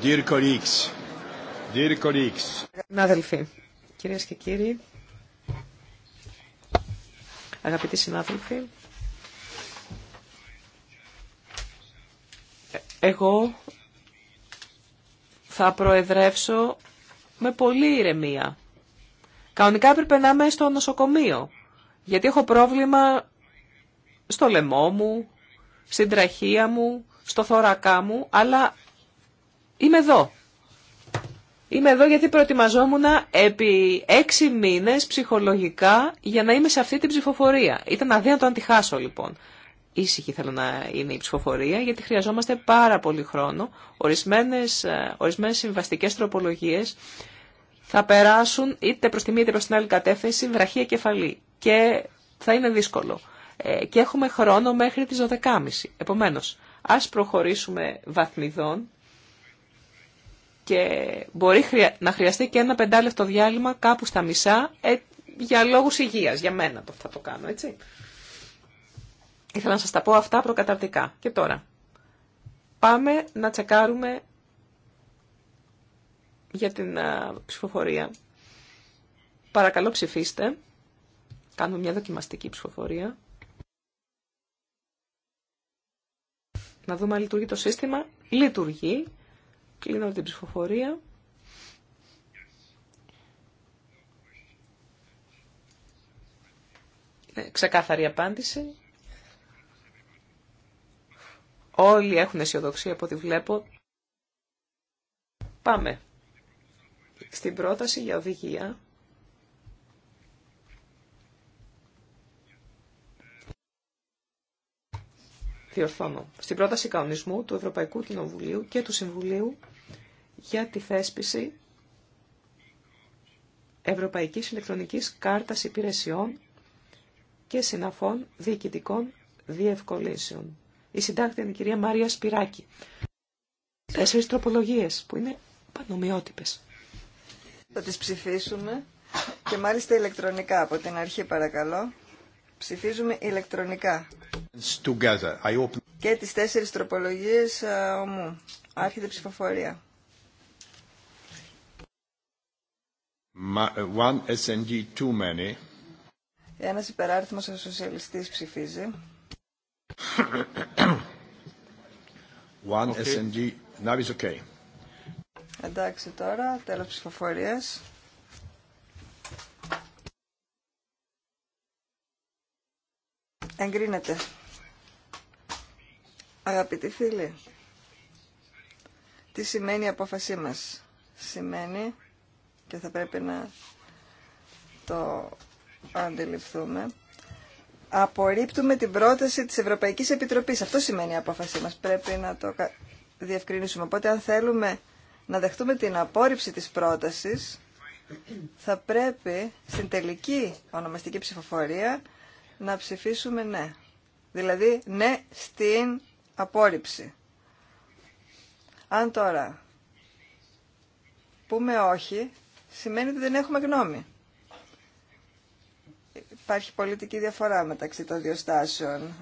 Κυρίε uh, κυρίες και κύριοι, αγαπητοί συνάδελφοι, εγώ θα προεδρεύσω με πολύ ηρεμία. Κανονικά έπρεπε να είμαι στο νοσοκομείο, γιατί έχω πρόβλημα στο λαιμό μου, στην τραχεία μου, στο θώρακά μου, αλλά Είμαι εδώ. Είμαι εδώ γιατί προετοιμαζόμουν επί έξι μήνες ψυχολογικά για να είμαι σε αυτή την ψηφοφορία. Ήταν αδύνατο να τη χάσω λοιπόν. Ήσυχη θέλω να είναι η ψηφοφορία γιατί χρειαζόμαστε πάρα πολύ χρόνο. Ορισμένες, ε, ορισμένες συμβαστικές τροπολογίες θα περάσουν είτε προς τη μία είτε προς την άλλη κατεύθυνση βραχία κεφαλή και θα είναι δύσκολο. Ε, και έχουμε χρόνο μέχρι τις 12.30. Επομένως, ας προχωρήσουμε βαθμιδών και μπορεί να χρειαστεί και ένα πεντάλεπτο διάλειμμα κάπου στα μισά ε, για λόγους υγείας, για μένα το, θα το κάνω, έτσι. Ήθελα να σας τα πω αυτά προκαταρτικά. Και τώρα, πάμε να τσεκάρουμε για την α, ψηφοφορία. Παρακαλώ ψηφίστε. Κάνουμε μια δοκιμαστική ψηφοφορία. Να δούμε αν λειτουργεί το σύστημα. Λειτουργεί. Κλείνω την ψηφοφορία. Ε, ξεκάθαρη απάντηση. Όλοι έχουν αισιοδοξία από ό,τι βλέπω. Πάμε στην πρόταση για οδηγία. Διορθώνω. Στην πρόταση κανονισμού του Ευρωπαϊκού Κοινοβουλίου και του Συμβουλίου για τη θέσπιση Ευρωπαϊκής Ηλεκτρονικής Κάρτας Υπηρεσιών και Συναφών Διοικητικών Διευκολύσεων. Η συντάκτη είναι η κυρία Μαρία Σπυράκη. Τέσσερις τροπολογίες που είναι πανομοιότυπες. Θα τις ψηφίσουμε και μάλιστα ηλεκτρονικά από την αρχή παρακαλώ. Ψηφίζουμε ηλεκτρονικά. Και τις τέσσερις τροπολογίες ομού. Άρχεται ψηφοφορία. Ε, one SND too Ένας υπεράριθμος σοσιαλιστής ψηφίζει. One SND. Now is okay. Εντάξει τώρα, τέλος ψηφοφορίας. Εγκρίνεται. Αγαπητοί φίλοι, τι σημαίνει η απόφασή μας. Σημαίνει και θα πρέπει να το αντιληφθούμε. Απορρίπτουμε την πρόταση της Ευρωπαϊκής Επιτροπής. Αυτό σημαίνει η απόφασή μας. Πρέπει να το διευκρινίσουμε. Οπότε αν θέλουμε να δεχτούμε την απόρριψη της πρότασης, θα πρέπει στην τελική ονομαστική ψηφοφορία να ψηφίσουμε ναι. Δηλαδή ναι στην απόρριψη. Αν τώρα πούμε όχι, σημαίνει ότι δεν έχουμε γνώμη. Υπάρχει πολιτική διαφορά μεταξύ των δύο στάσεων.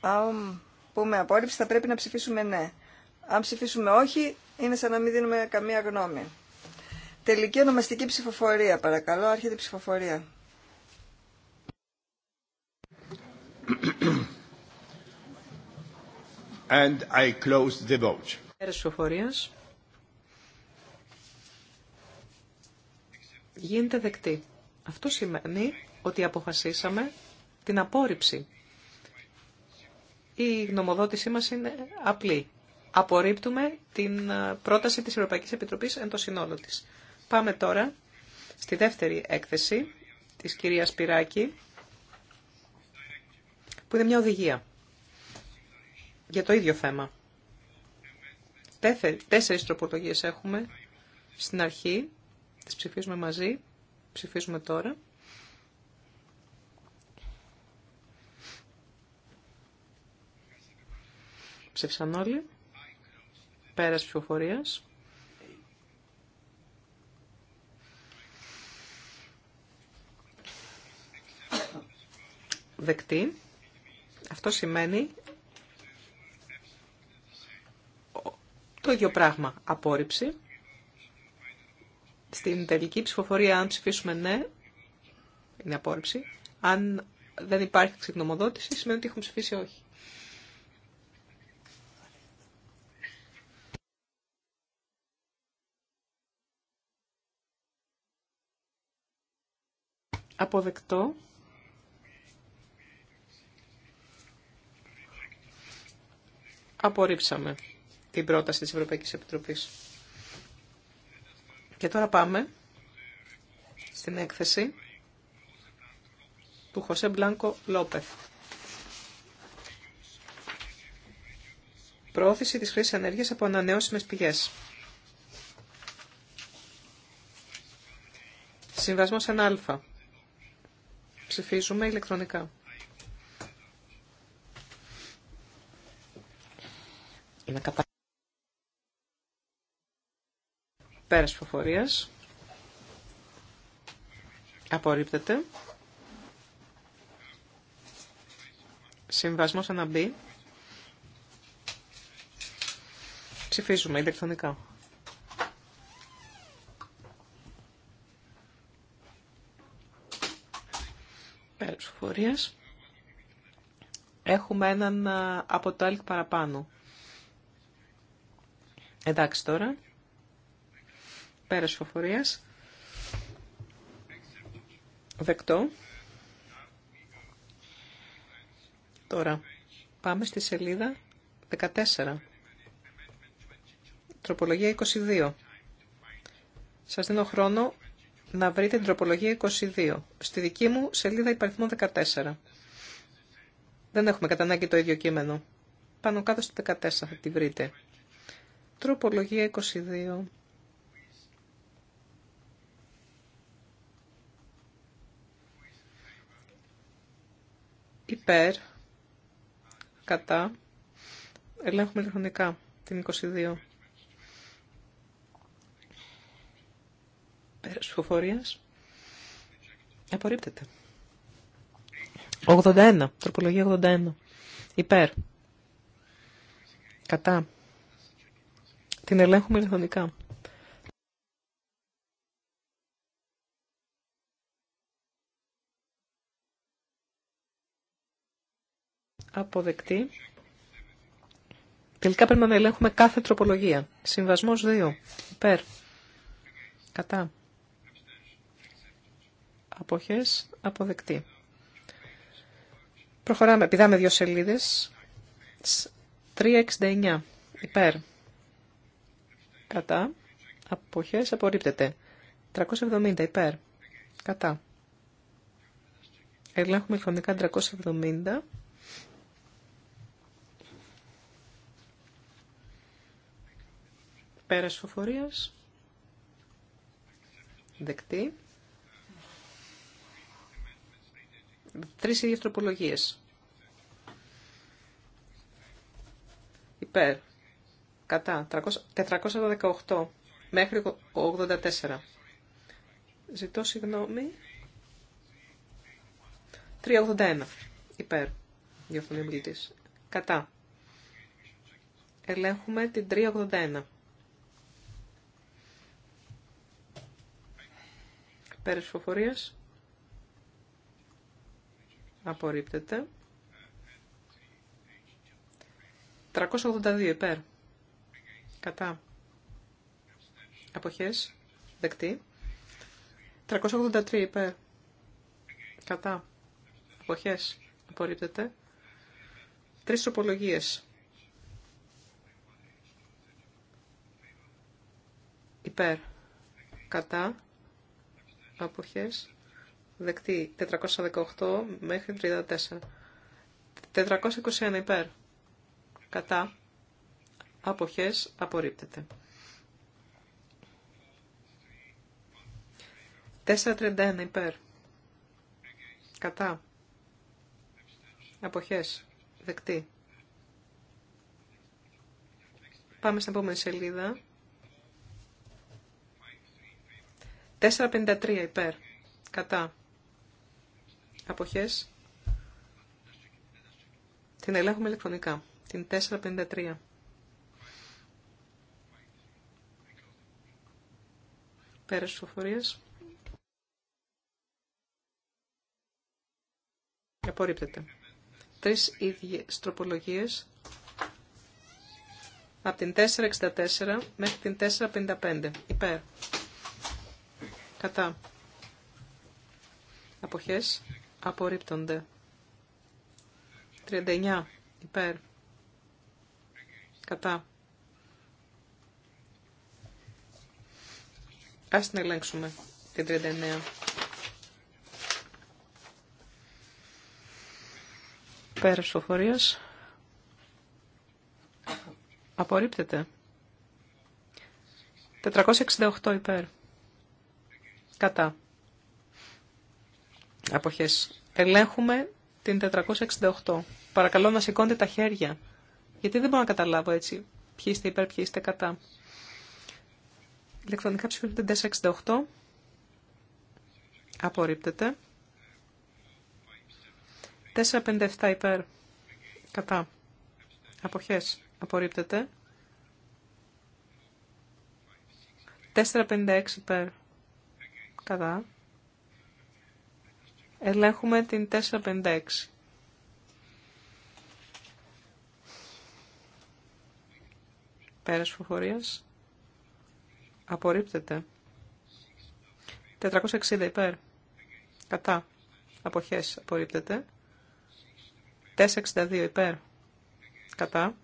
Αν πούμε απόρριψη θα πρέπει να ψηφίσουμε ναι. Αν ψηφίσουμε όχι είναι σαν να μην δίνουμε καμία γνώμη. Τελική ονομαστική ψηφοφορία παρακαλώ. Άρχεται η ψηφοφορία. And I close the vote. γίνεται δεκτή. Αυτό σημαίνει ότι αποφασίσαμε την απόρριψη. Η γνωμοδότησή μας είναι απλή. Απορρίπτουμε την ε, πρόταση της Ευρωπαϊκής Επιτροπής εν το της. Πάμε τώρα στη δεύτερη έκθεση της κυρίας Πυράκη, που είναι μια οδηγία για το ίδιο θέμα. Τέσσερις τροπολογίες έχουμε στην αρχή Τις ψηφίζουμε μαζί. Ψηφίζουμε τώρα. Ψήφισαν όλοι. Πέρας ψηφοφορίας. Δεκτή. Αυτό σημαίνει το ίδιο πράγμα. Απόρριψη. Στην τελική ψηφοφορία, αν ψηφίσουμε ναι, είναι απόρριψη. Αν δεν υπάρχει ξεκνομοδότηση, σημαίνει ότι έχουμε ψηφίσει όχι. Αποδεκτό. Απορρίψαμε την πρόταση της Ευρωπαϊκής Επιτροπής. Και τώρα πάμε στην έκθεση του Χωσέ Μπλάνκο Λόπεθ. Προώθηση της χρήσης ενέργειας από ανανεώσιμες πηγές. Συμβασμός 1α. Ψηφίζουμε ηλεκτρονικά. Είναι Πέρας ψηφοφορίας. Απορρίπτεται. Συμβασμός αναμπή. Ψηφίζουμε ηλεκτρονικά. Πέρα ψηφοφορίας. Έχουμε έναν από το άλλο παραπάνω. Εντάξει τώρα πέρα σφοφορία. Δεκτό. Τώρα πάμε στη σελίδα 14. Τροπολογία 22. Σας δίνω χρόνο να βρείτε την τροπολογία 22. Στη δική μου σελίδα υπαριθμό 14. Δεν έχουμε κατά το ίδιο κείμενο. Πάνω κάτω στη 14 θα τη βρείτε. Τροπολογία 22. υπέρ, κατά, ελέγχουμε ηλεκτρονικά την 22. Πέρας ψηφοφορίας. Απορρίπτεται. 81. Τροπολογία 81. Υπέρ. Κατά. Την ελέγχουμε ηλεκτρονικά. Αποδεκτή. Τελικά πρέπει να ελέγχουμε κάθε τροπολογία. Συμβασμός 2. Υπέρ. Κατά. Αποχές. Αποδεκτή. Προχωράμε. Πηδάμε δύο σελίδες. 369. Υπέρ. Κατά. Αποχές. Απορρίπτεται. 370. Υπέρ. Κατά. Ελέγχουμε χρονικά 370. Πέρας ψηφοφορίας. Δεκτή. Τρεις ίδιες τροπολογίες. Υπέρ. Κατά. 418 μέχρι 84. Ζητώ συγγνώμη. 381. Υπέρ. Διαφωνεί ο Κατά. Ελέγχουμε την 381. Πέρας φοφορίας Απορρίπτεται. 382 υπέρ. Κατά. Αποχές. Δεκτή. 383 υπέρ. Κατά. Αποχές. Απορρίπτεται. Τρεις τροπολογίες. Υπέρ. Κατά αποχές δεκτή 418 μέχρι 34 421 υπέρ κατά αποχές απορρίπτεται 431 υπέρ κατά αποχές δεκτή Πάμε στην επόμενη σελίδα. 453 υπέρ. Κατά. Αποχές. Την ελέγχουμε ηλεκτρονικά. Την 453. Πέρας ψηφοφορίας. Απορρίπτεται. Τρεις ίδιες τροπολογίες. Από την 464 μέχρι την 455. Υπέρ. Κατά. Αποχές. Απορρίπτονται. 39. Υπέρ. Κατά. Ας την ελέγξουμε. Την 39. Πέρας φοφορίας. Απορρίπτεται. 468 υπέρ. Κατά. Αποχές. Ελέγχουμε την 468. Παρακαλώ να σηκώνετε τα χέρια. Γιατί δεν μπορώ να καταλάβω έτσι. Ποιοι είστε υπέρ, ποιοι είστε κατά. Ηλεκτρονικά ψηφίζουμε 468. Απορρίπτεται. 457 υπέρ. Κατά. Αποχές. Απορρίπτεται. 456 υπέρ. Κατά. Ελέγχουμε την 456. Πέρας φοφορίας. Απορρίπτεται. 460 υπέρ. Κατά. Αποχές απορρίπτεται. 462 υπέρ. Κατά.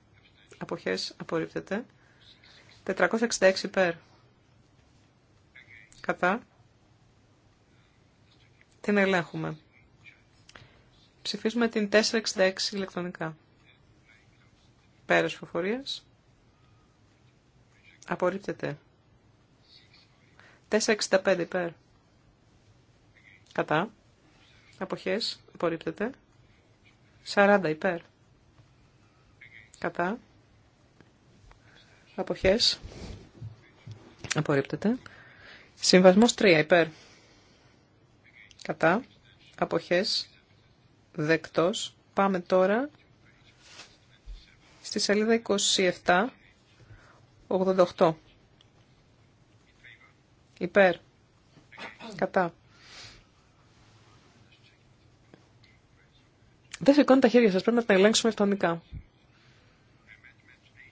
Αποχές απορρίπτεται. 466 υπέρ. Κατά. Την ελέγχουμε. Ψηφίζουμε την 466 ηλεκτρονικά. Πέρας φοφορίας. Απορρίπτεται. 465 υπέρ. Κατά. Αποχές. Απορρίπτεται. 40 υπέρ. Κατά. Αποχές. Απορρίπτεται. Συμβασμός 3 υπέρ κατά, αποχές, δεκτός. Πάμε τώρα στη σελίδα 27, 88. Υπέρ, κατά. Δεν σηκώνει τα χέρια σας, πρέπει να τα ελέγξουμε ευθονικά.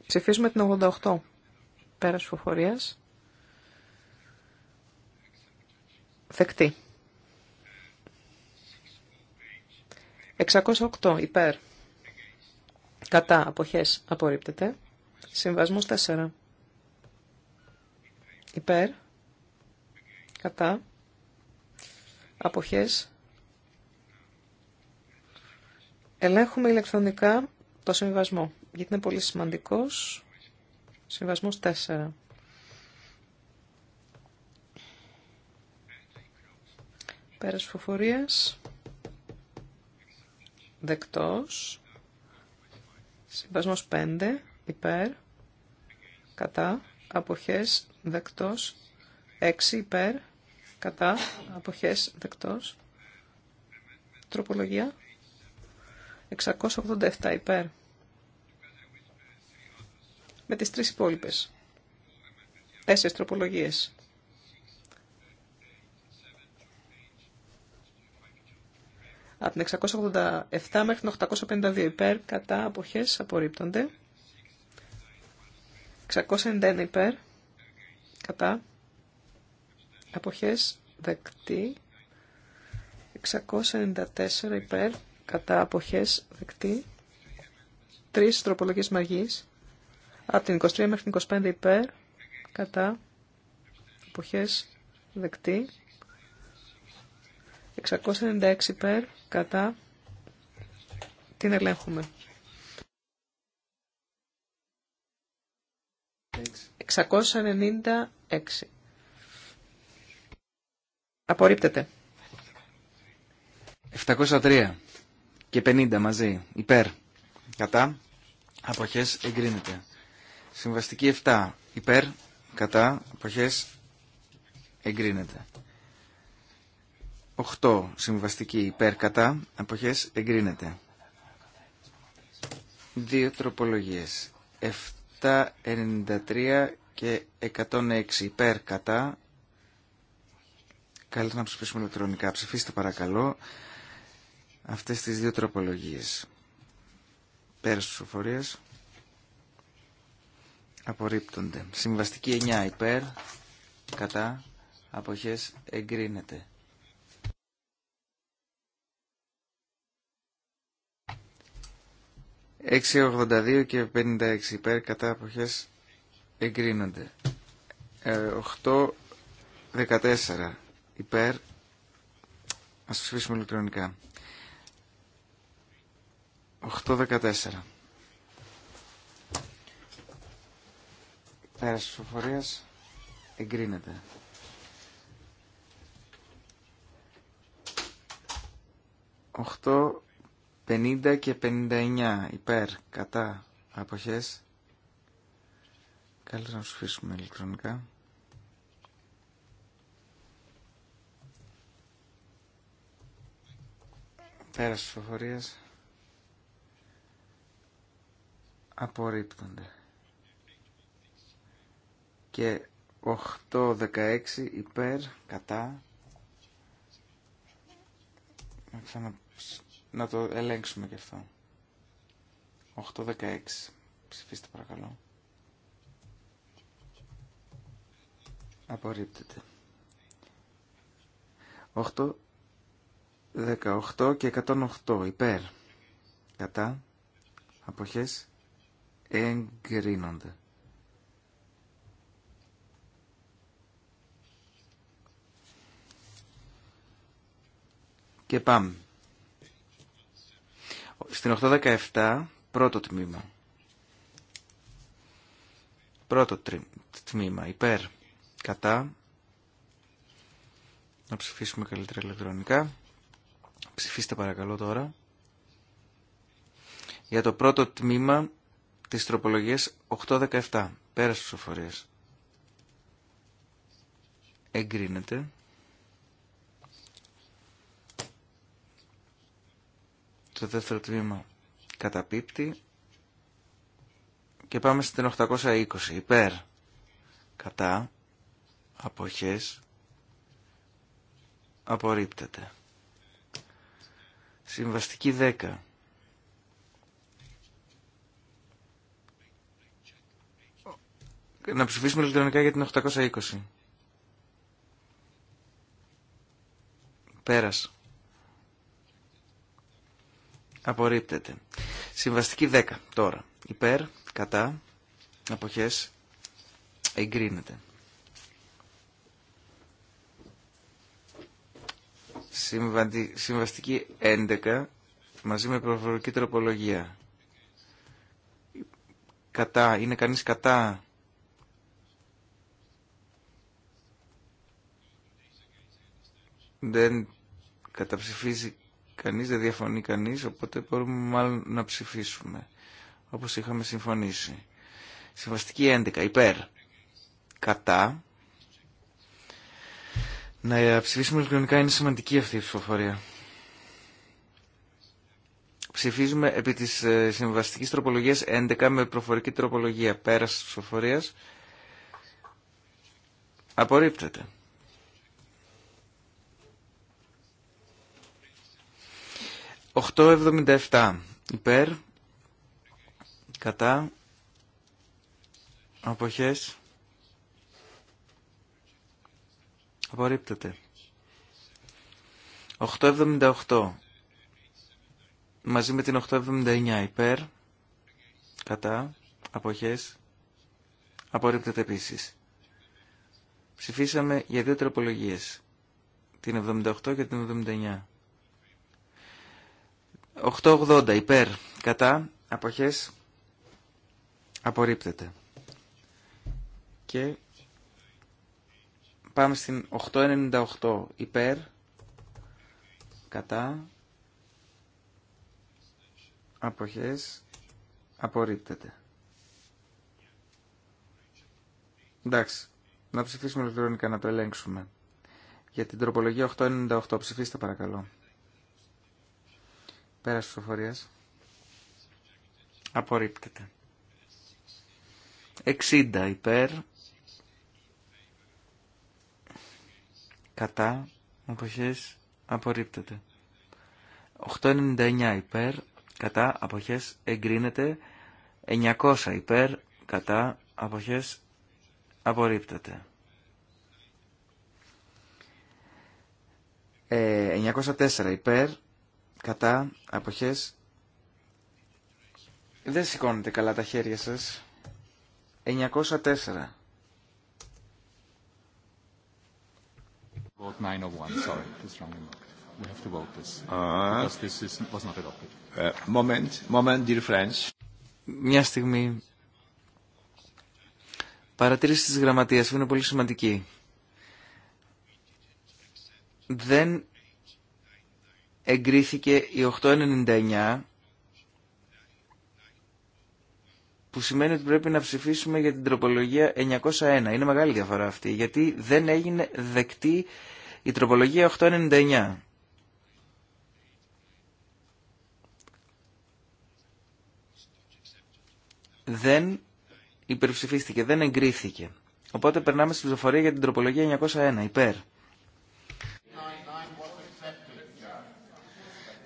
Ψηφίζουμε την 88. Πέρας φοφορίας. Δεκτή. 608 υπέρ. Κατά αποχές απορρίπτεται. Συμβασμός 4. Υπέρ. Κατά. Αποχές. Ελέγχουμε ηλεκτρονικά το συμβασμό, γιατί είναι πολύ σημαντικός. Συμβασμός 4. Πέρας φοφορίας δεκτός. Συμβασμός 5 υπέρ κατά αποχές δεκτός. 6 υπέρ κατά αποχές δεκτός. Τροπολογία 687 υπέρ με τις τρεις υπόλοιπες. Τέσσερις τροπολογίες. από την 687 μέχρι την 852 υπέρ, κατά, αποχές, απορρίπτονται. 691 υπέρ, κατά, αποχές, δεκτή. 694 υπέρ, κατά, αποχές, δεκτή. Τρεις τροπολογίες μαγής, από την 23 μέχρι την 25 υπέρ, κατά, αποχές, δεκτή. 696 υπέρ, κατά, την ελέγχουμε. 696. Απορρίπτεται. 703 και 50 μαζί, υπέρ, κατά, αποχές εγκρίνεται. Συμβαστική 7, υπέρ, κατά, αποχές εγκρίνεται. 8. Συμβαστική υπέρ κατά αποχές εγκρίνεται. Δύο τροπολογίες. 793 και 106 υπέρ κατά. Καλύτερα να ψηφίσουμε ηλεκτρονικά. Ψηφίστε παρακαλώ αυτές τις δύο τροπολογίες. Πέρας τους οφορίες. απορρίπτονται. Συμβαστική 9 υπέρ κατά αποχές εγκρίνεται. 682 και 56 υπέρ κατά αποχές εγκρίνονται. 814 ε, υπέρ. Ας ψηφίσουμε ηλεκτρονικά. 814. Πέρας της ψηφοφορίας εγκρίνεται. 8 50 και 59 υπέρ, κατά, αποχές. Καλύτερα να ψηφίσουμε ηλεκτρονικά. Πέρας της φοφορίας Απορρίπτονται. Και 8-16 υπέρ, κατά. Να ξαναψηφίσουμε να το ελέγξουμε και αυτό. 8-16. Ψηφίστε παρακαλώ. Απορρίπτεται. 8, 18 και 108 υπέρ. Κατά. Αποχές εγκρίνονται. Και πάμε στην 817, πρώτο τμήμα. Πρώτο τμήμα, υπέρ, κατά. Να ψηφίσουμε καλύτερα ηλεκτρονικά. Ψηφίστε παρακαλώ τώρα. Για το πρώτο τμήμα της τροπολογίας 817, στους οφορίες. Εγκρίνεται. Το δεύτερο τμήμα καταπίπτει. Και πάμε στην 820. Υπέρ. Κατά. Αποχές. Απορρίπτεται. Συμβαστική 10. Να ψηφίσουμε ηλεκτρονικά για την 820. Πέρας απορρίπτεται. Συμβαστική 10 τώρα. Υπέρ, κατά, αποχές, εγκρίνεται. Συμβαστική 11 μαζί με προφορική τροπολογία. Κατά, είναι κανείς κατά. Δεν καταψηφίζει κανείς, δεν διαφωνεί κανείς, οπότε μπορούμε μάλλον να ψηφίσουμε, όπως είχαμε συμφωνήσει. Συμβαστική 11, υπέρ, κατά. Να ε, ψηφίσουμε ηλεκτρονικά είναι σημαντική αυτή η ψηφοφορία. Ψηφίζουμε επί της ε, συμβαστικής τροπολογίας 11 με προφορική τροπολογία πέρας της ψηφοφορίας. Απορρίπτεται. 877 υπέρ, κατά, αποχές, απορρίπτεται. 878 μαζί με την 879 υπέρ, κατά, αποχές, απορρίπτεται επίσης. Ψηφίσαμε για δύο τροπολογίες, την 78 και την 79. 880 υπέρ κατά αποχές απορρίπτεται. Και πάμε στην 898 υπέρ κατά αποχές απορρίπτεται. Εντάξει, να ψηφίσουμε ηλεκτρονικά να το ελέγξουμε. Για την τροπολογία 898 ψηφίστε παρακαλώ. Πέρας Απορρίπτεται. 60 υπέρ. Κατά. Αποχές. Απορρίπτεται. 899 υπέρ. Κατά. Αποχές. Εγκρίνεται. 900 υπέρ. Κατά. Αποχές. Απορρίπτεται. 904 ε, υπέρ κατά, αποχές. Δεν σηκώνετε καλά τα χέρια σας. 904. Vote 901, sorry, this wrong. We have to vote this. Ah. Because this is, was not adopted. Eh, moment, moment, dear friends. Μια στιγμή. Παρατήρηση της γραμματείας είναι πολύ σημαντική. Δεν εγκρίθηκε η 899 που σημαίνει ότι πρέπει να ψηφίσουμε για την τροπολογία 901. Είναι μεγάλη διαφορά αυτή γιατί δεν έγινε δεκτή η τροπολογία 899. Δεν υπερψηφίστηκε, δεν εγκρίθηκε. Οπότε περνάμε στην ψηφοφορία για την τροπολογία 901, υπέρ.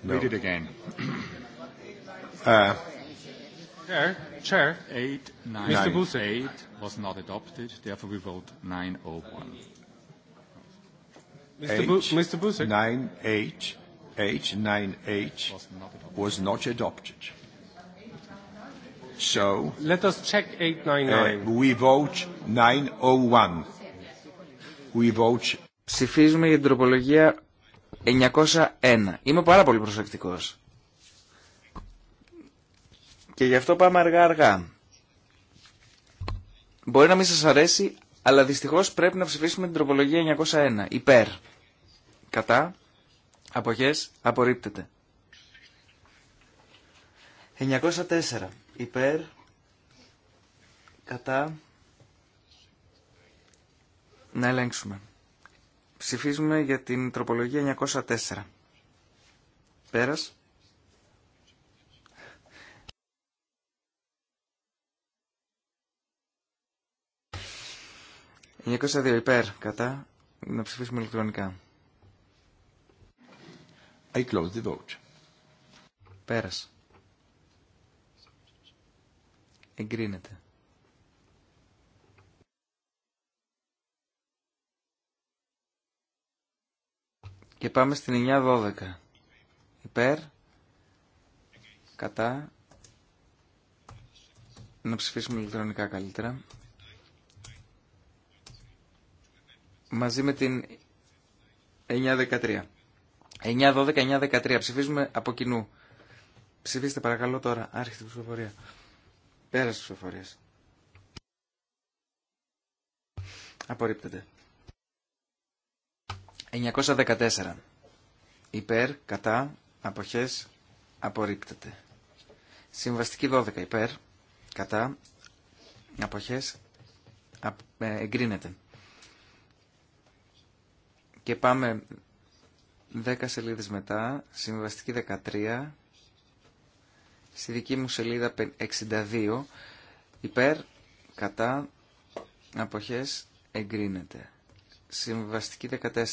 Read it again. Chair, Chair, 8, Mr. Booth, 8 was not adopted. Therefore, we vote 901. Mr. Booth, 9H, H, 9H was not adopted. So. Let us check 899. We vote 901. We vote. Ψηφίζουμε για την τροπολογία 901. Είμαι πάρα πολύ προσεκτικός. Και γι' αυτό πάμε αργά-αργά. Μπορεί να μην σας αρέσει, αλλά δυστυχώς πρέπει να ψηφίσουμε την τροπολογία 901. Υπέρ. Κατά. Αποχές. Απορρίπτεται. 904. Υπέρ. Κατά. Να ελέγξουμε. Ψηφίζουμε για την τροπολογία 904. Πέρας. Η 902 υπέρ, κατά, να ψηφίσουμε ηλεκτρονικά. I close the vote. Πέρας. Εγκρίνεται. Και πάμε στην 9-12. Υπέρ. Κατά. Να ψηφίσουμε ηλεκτρονικά καλύτερα. Μαζί με την 9-13. 9-12, 9-13. Ψηφίζουμε από κοινού. Ψηφίστε παρακαλώ τώρα. Άρχεται η ψηφοφορία. Πέρασε ψηφοφορία. Απορρίπτεται. 914. Υπέρ, κατά, αποχές, απορρίπτεται. Συμβαστική 12. Ε, υπέρ, κατά, αποχές, εγκρίνεται. Και πάμε 10 σελίδες μετά, συμβαστική 13, στη δική μου σελίδα 62, υπέρ, κατά, αποχές, εγκρίνεται. Συμβαστική 14.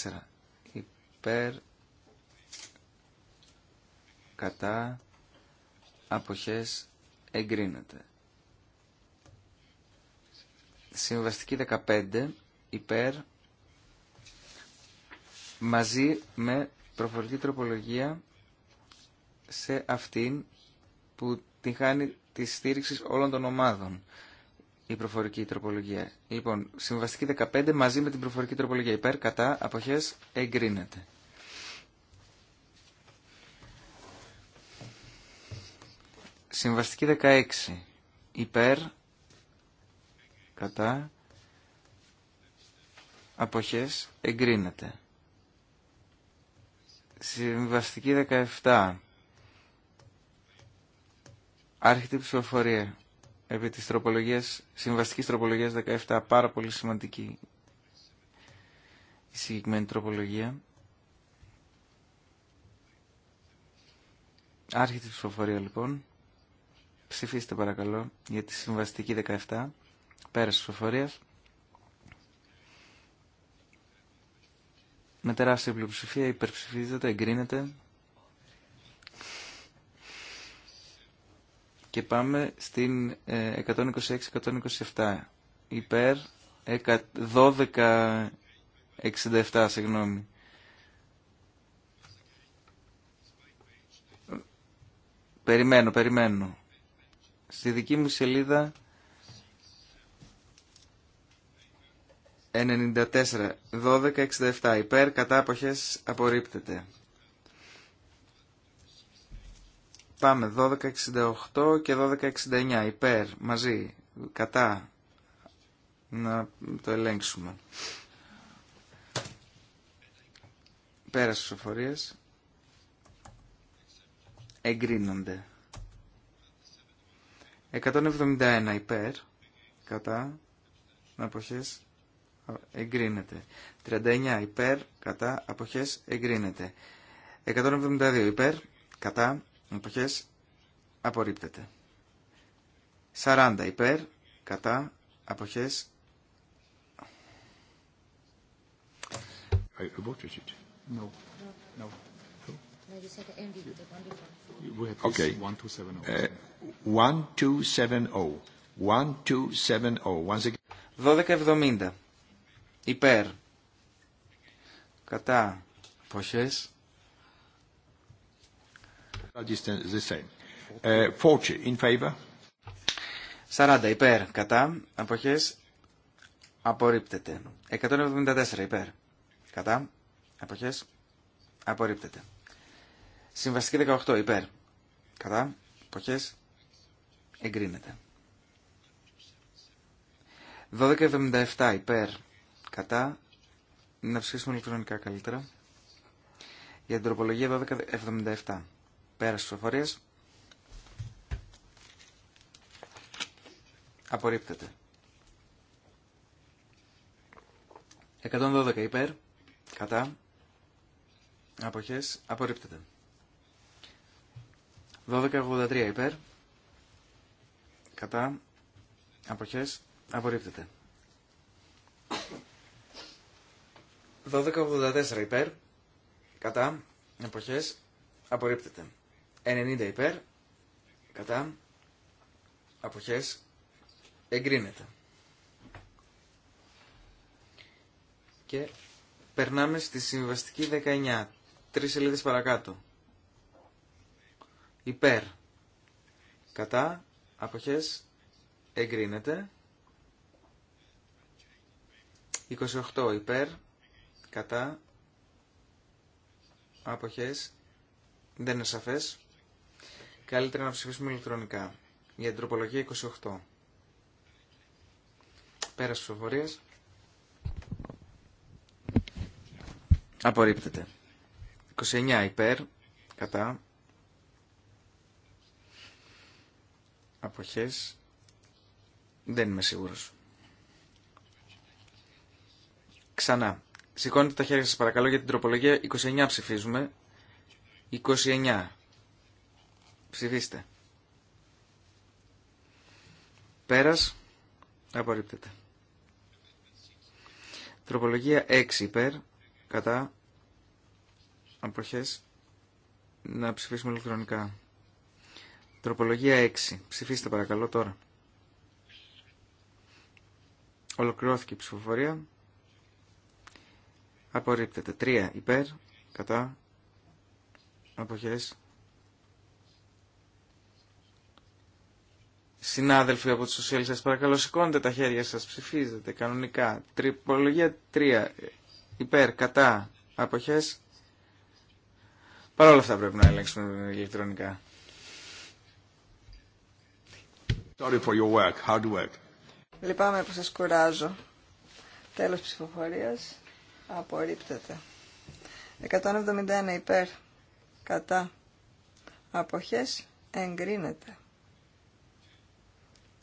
Υπέρ, κατά, αποχές, εγκρίνεται. Συμβαστική 15. Υπέρ, μαζί με προφορική τροπολογία σε αυτήν που την χάνει τη στήριξη όλων των ομάδων η προφορική τροπολογία. Λοιπόν, συμβαστική 15 μαζί με την προφορική τροπολογία. Υπέρ, κατά, αποχές, εγκρίνεται. Συμβαστική 16. Υπέρ, κατά, αποχές, εγκρίνεται. Συμβαστική 17. Άρχεται η ψηφοφορία επί της τροπολογίας, συμβαστικής τροπολογίας 17, πάρα πολύ σημαντική η συγκεκριμένη τροπολογία. Άρχεται η ψηφοφορία λοιπόν. Ψηφίστε παρακαλώ για τη συμβαστική 17, πέρας ψηφοφορίας. Με τεράστια πλειοψηφία υπερψηφίζεται, εγκρίνεται. Και πάμε στην 126-127. Ε, Υπέρ 1267, συγγνώμη. Περιμένω, περιμένω. Στη δική μου σελίδα 94, 94-1267, Υπέρ, κατάποχες απορρίπτεται. Πάμε 1268 και 1269 υπέρ μαζί κατά να το ελέγξουμε. Πέρα στις οφορίες εγκρίνονται. 171 υπέρ κατά αποχές εγκρίνεται. 39 υπέρ κατά αποχές εγκρίνεται. 172 υπέρ κατά Εποχές απορρίπτεται. 40 υπέρ, κατά, αποχές. I εβδομήντα. No. No. 1270. Uh, υπέρ. Κατά. Αποχές. 40 uh, υπέρ, κατά, αποχές, απορρίπτεται. 174 υπέρ, κατά, αποχές, απορρίπτεται. Συμβαστική 18 υπέρ, κατά, αποχές, εγκρίνεται. 1277 υπέρ, κατά, να ψηφίσουμε ηλεκτρονικά καλύτερα, για την τροπολογία 1277 στις ψηφοφορίας. Απορρίπτεται. 112 υπέρ. Κατά. Αποχές. Απορρίπτεται. 1283 υπέρ. Κατά. Αποχές. Απορρίπτεται. 1284 υπέρ. Κατά. Αποχές. Απορρίπτεται. 90 υπέρ, κατά, αποχές, εγκρίνεται. Και περνάμε στη συμβαστική 19, τρεις σελίδες παρακάτω. Υπέρ, κατά, αποχές, εγκρίνεται. 28 υπέρ, κατά, αποχές, δεν είναι σαφές. Καλύτερα να ψηφίσουμε ηλεκτρονικά. Για την τροπολογία 28. Πέρας ψηφοφορίας. Απορρίπτεται. 29 υπέρ, κατά. Αποχές. Δεν είμαι σίγουρος. Ξανά. Σηκώνετε τα χέρια σας παρακαλώ για την τροπολογία. 29 ψηφίζουμε. 29. Ψηφίστε. Πέρας. Απορρίπτεται. Τροπολογία 6 υπέρ. Κατά. Αποχές. Να ψηφίσουμε ηλεκτρονικά. Τροπολογία 6. Ψηφίστε παρακαλώ τώρα. Ολοκληρώθηκε η ψηφοφορία. Απορρίπτεται. 3 υπέρ. Κατά. Αποχές. Συνάδελφοι από τους σοσιαλιστές, παρακαλώ σηκώνετε τα χέρια σας, ψηφίζετε κανονικά. Τρυπολογία 3, υπέρ, κατά, αποχές. Παρ' όλα αυτά πρέπει να ελέγξουμε ηλεκτρονικά. Sorry for your work, hard work. Λυπάμαι που σας κουράζω. Τέλος ψηφοφορίας. Απορρίπτεται. 171 υπέρ. Κατά. Αποχές. Εγκρίνεται.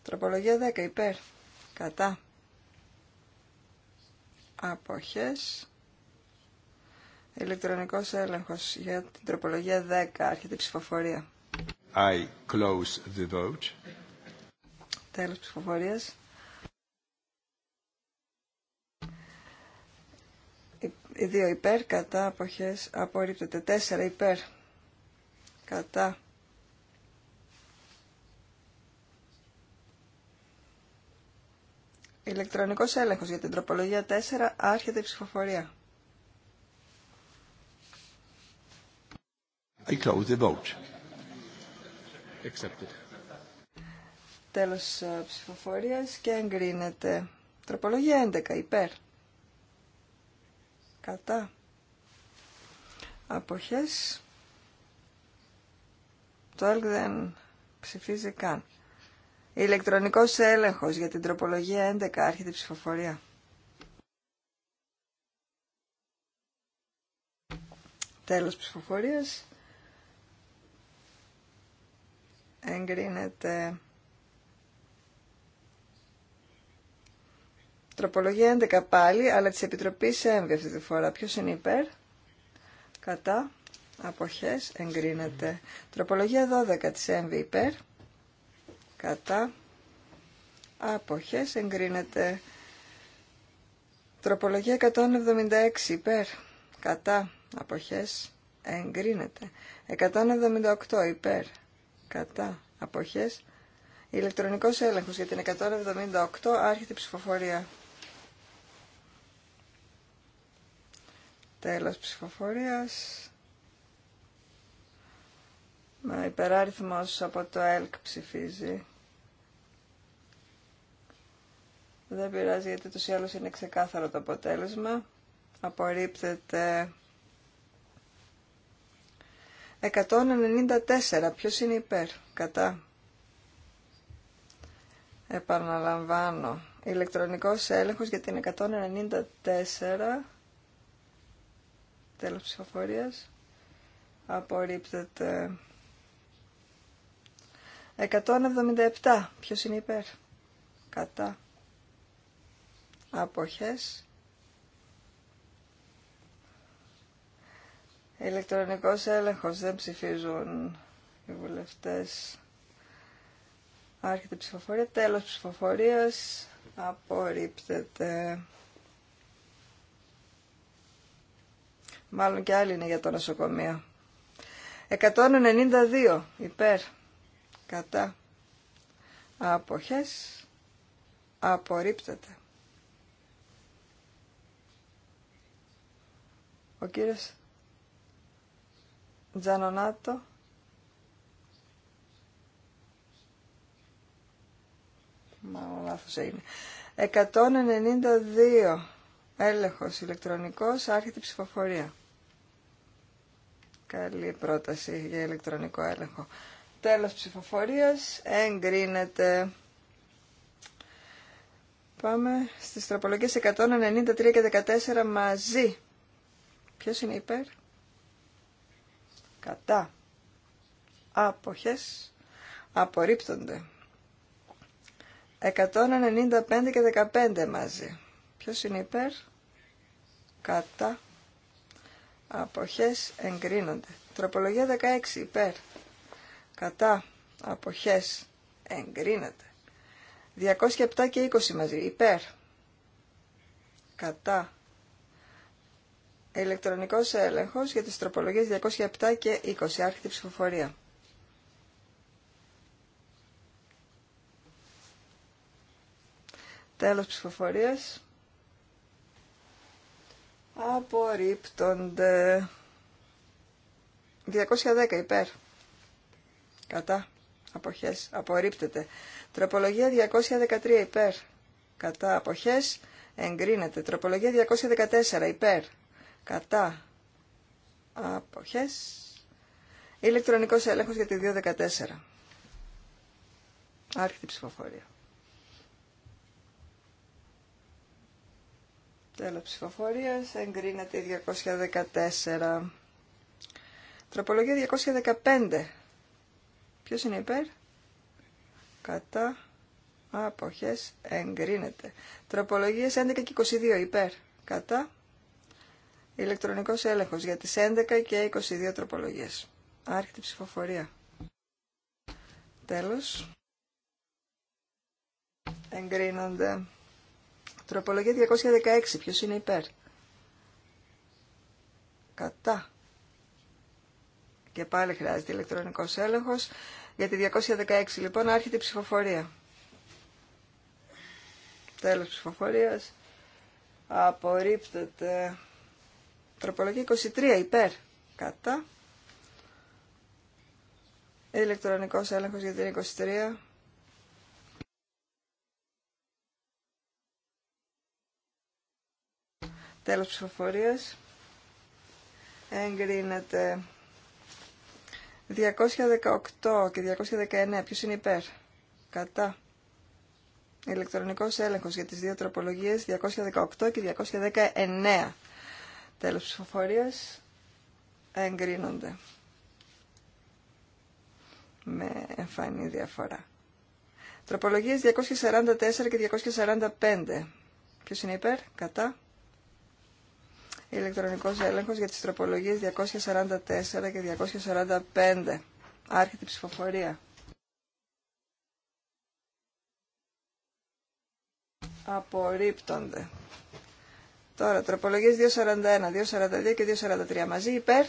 Τροπολογία 10 υπέρ. Κατά. Αποχές. Ηλεκτρονικός έλεγχος για την τροπολογία 10. Άρχεται η ψηφοφορία. I close the vote. Τέλος ψηφοφορίας. Οι δύο υπέρ, κατά, αποχές, απορρίπτεται. Τέσσερα υπέρ, κατά, Ηλεκτρονικός έλεγχος για την τροπολογία 4 άρχεται η ψηφοφορία. I close Accepted. Τέλος ε, ψηφοφορίας και εγκρίνεται. Τροπολογία 11 υπέρ. Κατά. Αποχές. Το έλεγχο δεν ψηφίζει καν. Ηλεκτρονικός έλεγχος για την τροπολογία 11 άρχεται ψηφοφορία. Τέλος ψηφοφορίας. Εγκρίνεται. Τροπολογία 11 πάλι, αλλά της Επιτροπής έμβει αυτή τη φορά. Ποιος είναι υπέρ. Κατά. Αποχές. Εγκρίνεται. Τροπολογία 12 της έμβει υπέρ κατά αποχές εγκρίνεται τροπολογία 176 υπέρ κατά αποχές εγκρίνεται 178 υπέρ κατά αποχές ηλεκτρονικός έλεγχος για την 178 άρχεται η ψηφοφορία τέλος ψηφοφορίας υπεράριθμος από το ΕΛΚ ψηφίζει. Δεν πειράζει γιατί τους ή είναι ξεκάθαρο το αποτέλεσμα. Απορρίπτεται 194. Ποιος είναι υπέρ, κατά. Επαναλαμβάνω. Ηλεκτρονικός έλεγχος για την 194. Τέλος ψηφοφορίας. Απορρίπτεται 177. Ποιος είναι υπέρ. Κατά. Αποχές. Ηλεκτρονικός έλεγχος. Δεν ψηφίζουν οι βουλευτές. Άρχεται ψηφοφορία. Τέλος ψηφοφορίας. Απορρίπτεται. Μάλλον και άλλοι είναι για το νοσοκομείο. 192 υπέρ κατά αποχές απορρίπτεται. Ο κύριος Τζανονάτο Μάλλον λάθος έγινε. 192 έλεγχος ηλεκτρονικός άρχεται ψηφοφορία. Καλή πρόταση για ηλεκτρονικό έλεγχο. Τέλος ψηφοφορίας. Εγκρίνεται. Πάμε στις τροπολογίες 193 και 14 μαζί. Ποιος είναι υπέρ? Κατά. Άποχες. Απορρίπτονται. 195 και 15 μαζί. Ποιος είναι υπέρ? Κατά. Αποχές εγκρίνονται. Τροπολογία 16 υπέρ κατά αποχές εγκρίνεται 207 και 20 μαζί υπέρ κατά ηλεκτρονικός έλεγχος για τις τροπολογίες 207 και 20 άρχιτη ψηφοφορία τέλος ψηφοφορίας απορρίπτονται 210 υπέρ Κατά. Αποχές. Απορρίπτεται. Τροπολογία 213 υπέρ. Κατά. Αποχές. Εγκρίνεται. Τροπολογία 214 υπέρ. Κατά. Αποχές. Ηλεκτρονικός έλεγχος για τη 214. Άρχιτη ψηφοφορία. Τέλος ψηφοφορίας. Εγκρίνεται η 214. Τροπολογία 215 Ποιος είναι υπέρ? Κατά. Αποχές. Εγκρίνεται. Τροπολογίες 11 και 22 υπέρ. Κατά. Ηλεκτρονικός έλεγχος για τις 11 και 22 τροπολογίες. Άρχεται ψηφοφορία. Τέλος. Εγκρίνονται. Τροπολογία 216. Ποιος είναι υπέρ. Κατά. Και πάλι χρειάζεται ηλεκτρονικός έλεγχος. Για τη 216 λοιπόν άρχεται η ψηφοφορία. Τέλος ψηφοφορίας. Απορρίπτεται. Τροπολογία 23 υπέρ. Κατά. Ηλεκτρονικό έλεγχος για την 23. Τέλος ψηφοφορίας. Εγκρίνεται. 218 και 219, ποιος είναι υπέρ. Κατά. Ηλεκτρονικός έλεγχος για τις δύο τροπολογίες 218 και 219. Τέλος ψηφοφορίας εγκρίνονται με εμφανή διαφορά. Τροπολογίες 244 και 245. Ποιος είναι υπέρ, κατά, Ηλεκτρονικό έλεγχος για τις τροπολογίες 244 και 245. Άρχεται η ψηφοφορία. Απορρίπτονται. Τώρα, τροπολογίες 241, 242 και 243 μαζί, υπέρ,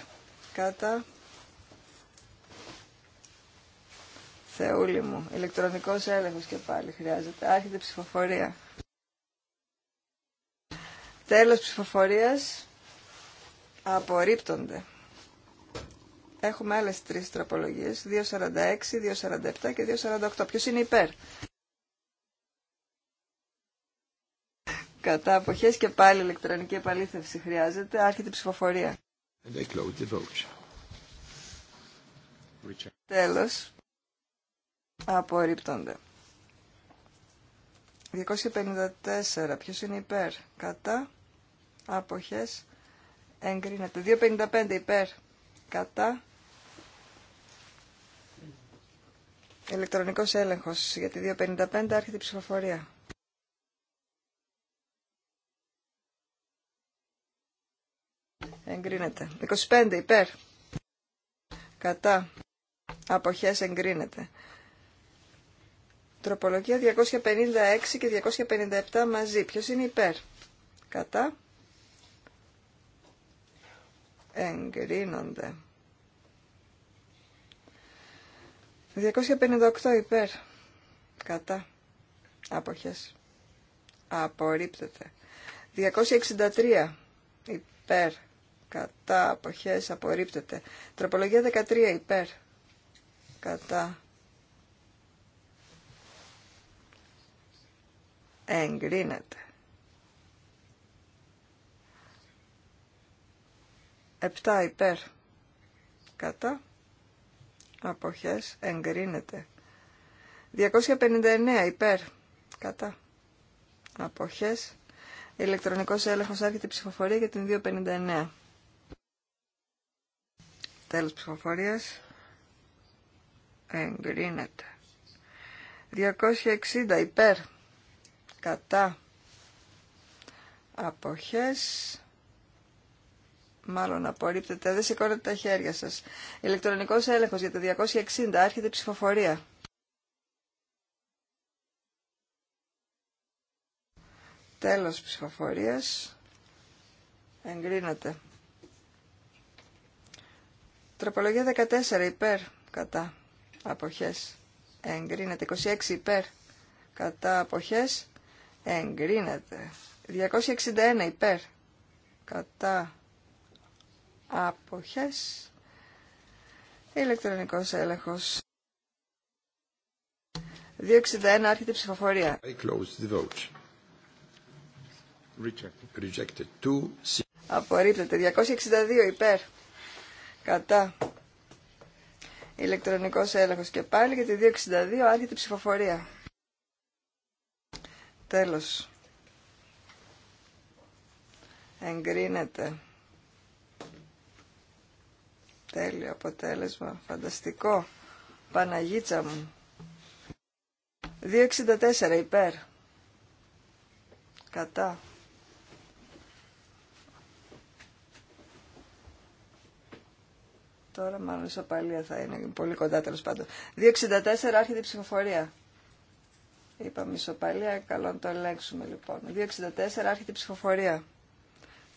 κατά, Θεούλη μου, Ηλεκτρονικό έλεγχος και πάλι χρειάζεται. Άρχεται ψηφοφορία. Τέλος ψηφοφορίας. Απορρίπτονται. Έχουμε άλλες τρεις τροπολογίες, 2.46, 2.47 και 2.48. Ποιος είναι υπέρ. Κατά αποχές και πάλι ηλεκτρονική επαλήθευση χρειάζεται. Άρχεται η ψηφοφορία. Τέλο. Τέλος. Απορρίπτονται. 254. Ποιος είναι υπέρ. Κατά. Αποχές εγκρίνεται. 2.55 υπέρ κατά ηλεκτρονικός έλεγχος για τη 2.55 άρχεται η ψηφοφορία. Εγκρίνεται. 25 υπέρ κατά αποχές εγκρίνεται. Τροπολογία 256 και 257 μαζί. Ποιος είναι υπέρ. Κατά εγκρίνονται. 258 υπέρ. Κατά. Αποχές. Απορρίπτεται. 263 υπέρ. Κατά. Αποχές. Απορρίπτεται. Τροπολογία 13 υπέρ. Κατά. Εγκρίνεται. 7 υπέρ κατά αποχές εγκρίνεται 259 υπέρ κατά αποχές ηλεκτρονικός έλεγχος άρχεται ψηφοφορία για την 259 τέλος ψηφοφορίας εγκρίνεται 260 υπέρ κατά αποχές μάλλον απορρίπτεται, δεν σηκώνετε τα χέρια σας. Ηλεκτρονικός έλεγχος για το 260, άρχεται ψηφοφορία. Τέλος ψηφοφορίας. Εγκρίνεται. Τροπολογία 14 υπέρ κατά αποχές. Εγκρίνεται. 26 υπέρ κατά αποχές. Εγκρίνεται. 261 υπέρ κατά Αποχές. Ηλεκτρονικός έλεγχος. 261 άρχεται η ψηφοφορία. I close the vote. Rejected. Απορρίπτεται. 262 υπέρ. Κατά. Ηλεκτρονικός έλεγχος και πάλι για τη 262 άρχεται η ψηφοφορία. Τέλος. Εγκρίνεται. Τέλειο αποτέλεσμα. Φανταστικό. Παναγίτσα μου. 2,64 υπέρ. Κατά. Τώρα μάλλον ισοπαλία θα είναι. Πολύ κοντά τέλο πάντων. 2,64 άρχεται η ψηφοφορία. Είπαμε ισοπαλία. Καλό να το ελέγξουμε λοιπόν. 2,64 άρχεται η ψηφοφορία.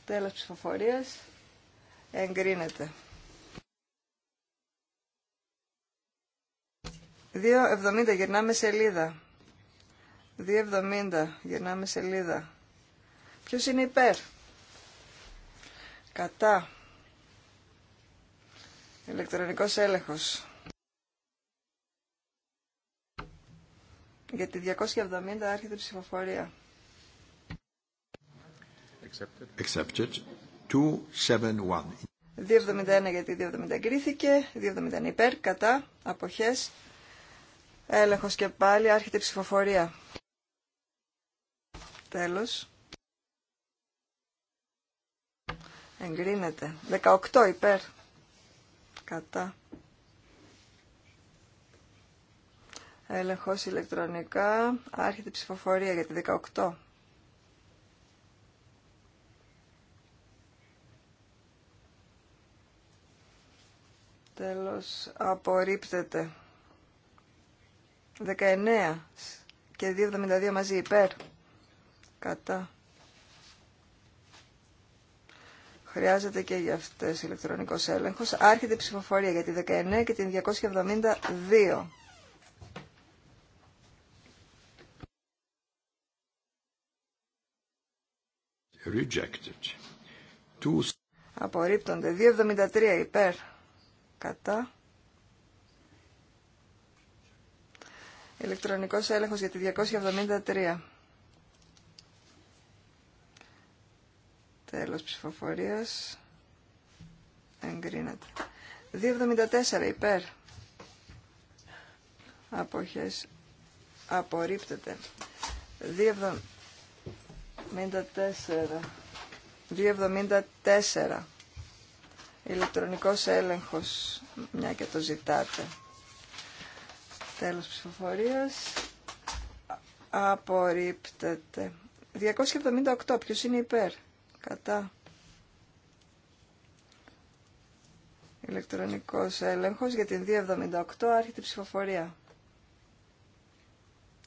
Τέλος ψηφοφορίας. Εγκρίνεται. 2.70 γυρνάμε σελίδα. 2.70 γυρνάμε σελίδα. Ποιος είναι υπέρ. Κατά. Ηλεκτρονικός έλεγχος. Για 270 άρχεται η ψηφοφορία. Accepted. Accepted. 271. 271 γιατί 270 εγκρίθηκε, 270 υπέρ, κατά, αποχές, Έλεγχος και πάλι, άρχεται η ψηφοφορία. Τέλος. Εγκρίνεται. 18 υπέρ. Κατά. Έλεγχος ηλεκτρονικά. Άρχεται η ψηφοφορία για τη 18. Τέλος. Απορρίπτεται. 19 και 2,72 μαζί υπέρ. Κατά. Χρειάζεται και για αυτές ηλεκτρονικός έλεγχος. Άρχεται η ψηφοφορία για τη 19 και την 272. Rejected. Two... Απορρίπτονται. 2,73 υπέρ. Κατά. Ηλεκτρονικός έλεγχος για τη 273. Τέλος ψηφοφορίας. Εγκρίνεται. 274 υπέρ. Αποχές. Απορρίπτεται. 274. 274. Ηλεκτρονικός έλεγχος, μια και το ζητάτε. Τέλος ψηφοφορίας. Απορρίπτεται. 278. Ποιος είναι υπέρ. Κατά. Ηλεκτρονικός έλεγχος για την 278. Άρχεται ψηφοφορία.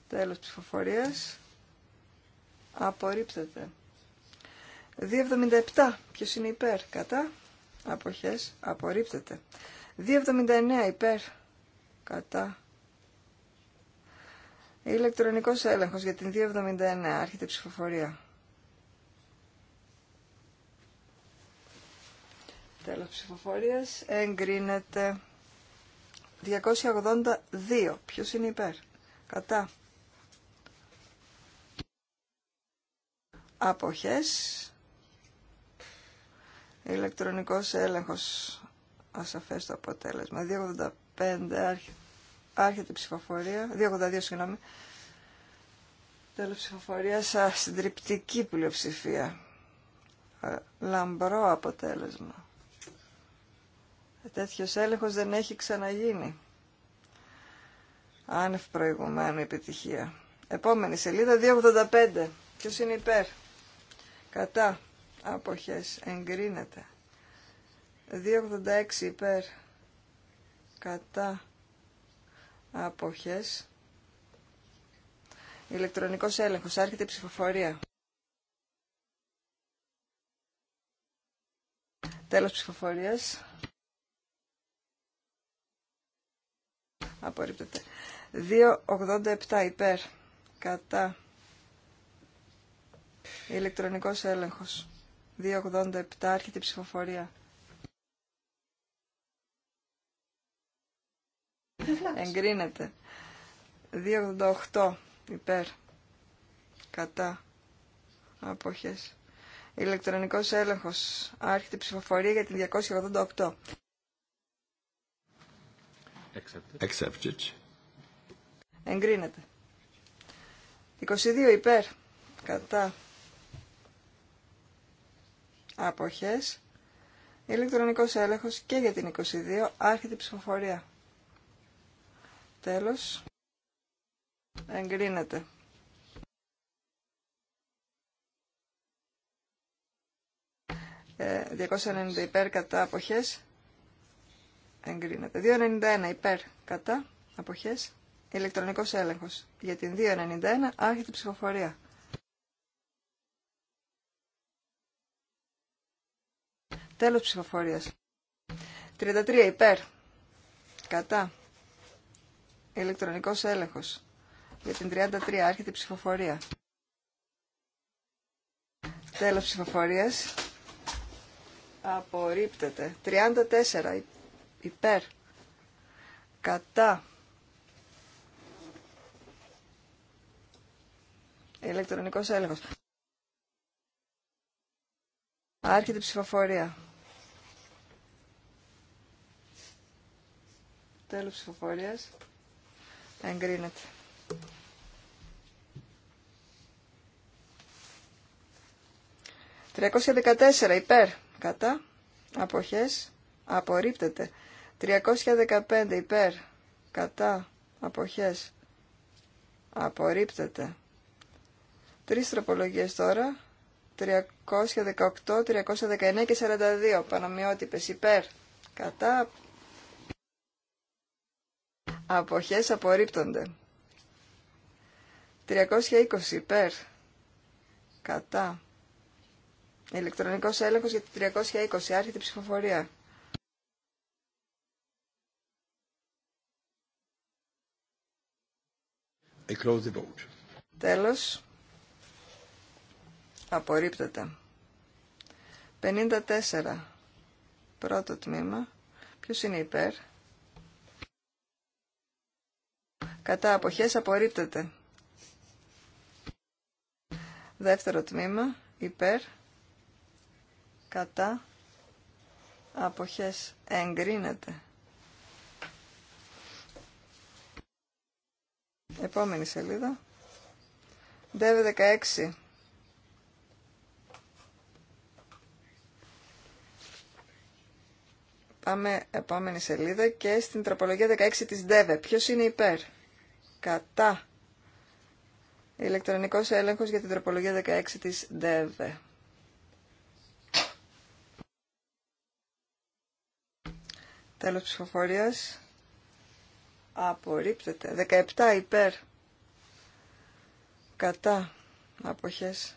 Τέλος ψηφοφορίας. Απορρίπτεται. 277. Ποιος είναι υπέρ. Κατά. Αποχές. Απορρίπτεται. 279 υπέρ. Κατά. Ηλεκτρονικός έλεγχος για την 279. Άρχεται η ψηφοφορία. Τέλος ψηφοφορίας. Εγκρίνεται 282. Ποιος είναι υπέρ. Κατά. Αποχές. Ηλεκτρονικός έλεγχος. Ασαφές το αποτέλεσμα. 285. Άρχεται. Άρχεται η ψηφοφορία. 282, συγγνώμη. Τέλος ψηφοφορίας, συντριπτική πλειοψηφία. Ε, λαμπρό αποτέλεσμα. Τέτοιος έλεγχος δεν έχει ξαναγίνει. Άνευ προηγουμένου επιτυχία. Επόμενη σελίδα 285. Ποιος είναι υπέρ. Κατά. Αποχές. Εγκρίνεται. 286 υπέρ. Κατά αποχές. Ηλεκτρονικός έλεγχος. Άρχεται η ψηφοφορία. Τέλος ψηφοφορίας. Απορρίπτεται. 2.87 υπέρ. Κατά. Ηλεκτρονικός έλεγχος. 2.87 άρχεται η ψηφοφορία. Εγκρίνεται. 288 υπέρ. Κατά. Αποχές. Ηλεκτρονικός έλεγχος. Άρχεται ψηφοφορία για την 288. Accepted. Εγκρίνεται. 22 υπέρ. Κατά. Αποχέ. Ηλεκτρονικός έλεγχο και για την 22. Άρχεται ψηφοφορία. Τέλος. Εγκρίνεται. Ε, 290 υπέρ κατά αποχές. Εγκρίνεται. 291 υπέρ κατά αποχές. Ηλεκτρονικός έλεγχος. Για την 291 άρχεται ψηφοφορία. Τέλος ψηφοφορίας. 33 υπέρ. Κατά. Ηλεκτρονικός έλεγχος. Για την 33 άρχεται η ψηφοφορία. Τέλος ψηφοφορίας. Απορρίπτεται. 34 υπέρ. Κατά. Ηλεκτρονικός έλεγχος. Άρχεται ψηφοφορία. Τέλος ψηφοφορίας. Εγκρίνεται. Τριακόσια υπέρ. Κατά. Αποχές. Απορρίπτεται. 315 υπέρ. Κατά. Αποχές. Απορρίπτεται. Τρεις τροπολογίες τώρα. 318, 319 και 42. Πανομοιότυπες υπέρ. Κατά. Αποχές απορρίπτονται. 320 υπέρ. Κατά. Ηλεκτρονικός έλεγχος για τη 320. Άρχεται ψηφοφορία. I close the vote. Τέλος. Απορρίπτεται. 54. Πρώτο τμήμα. Ποιος είναι υπέρ. κατά αποχές απορρίπτεται. Δεύτερο τμήμα, υπέρ, κατά, αποχές εγκρίνεται. Επόμενη σελίδα. ΔΕΒ 16. Πάμε επόμενη σελίδα και στην τροπολογία 16 της ΔΕΒΕ. Ποιος είναι υπέρ. Κατά. Ηλεκτρονικός έλεγχος για την τροπολογία 16 της ΔΕΒΕ. Τέλος ψηφοφορίας. Απορρίπτεται. 17 υπέρ. Κατά. Αποχές.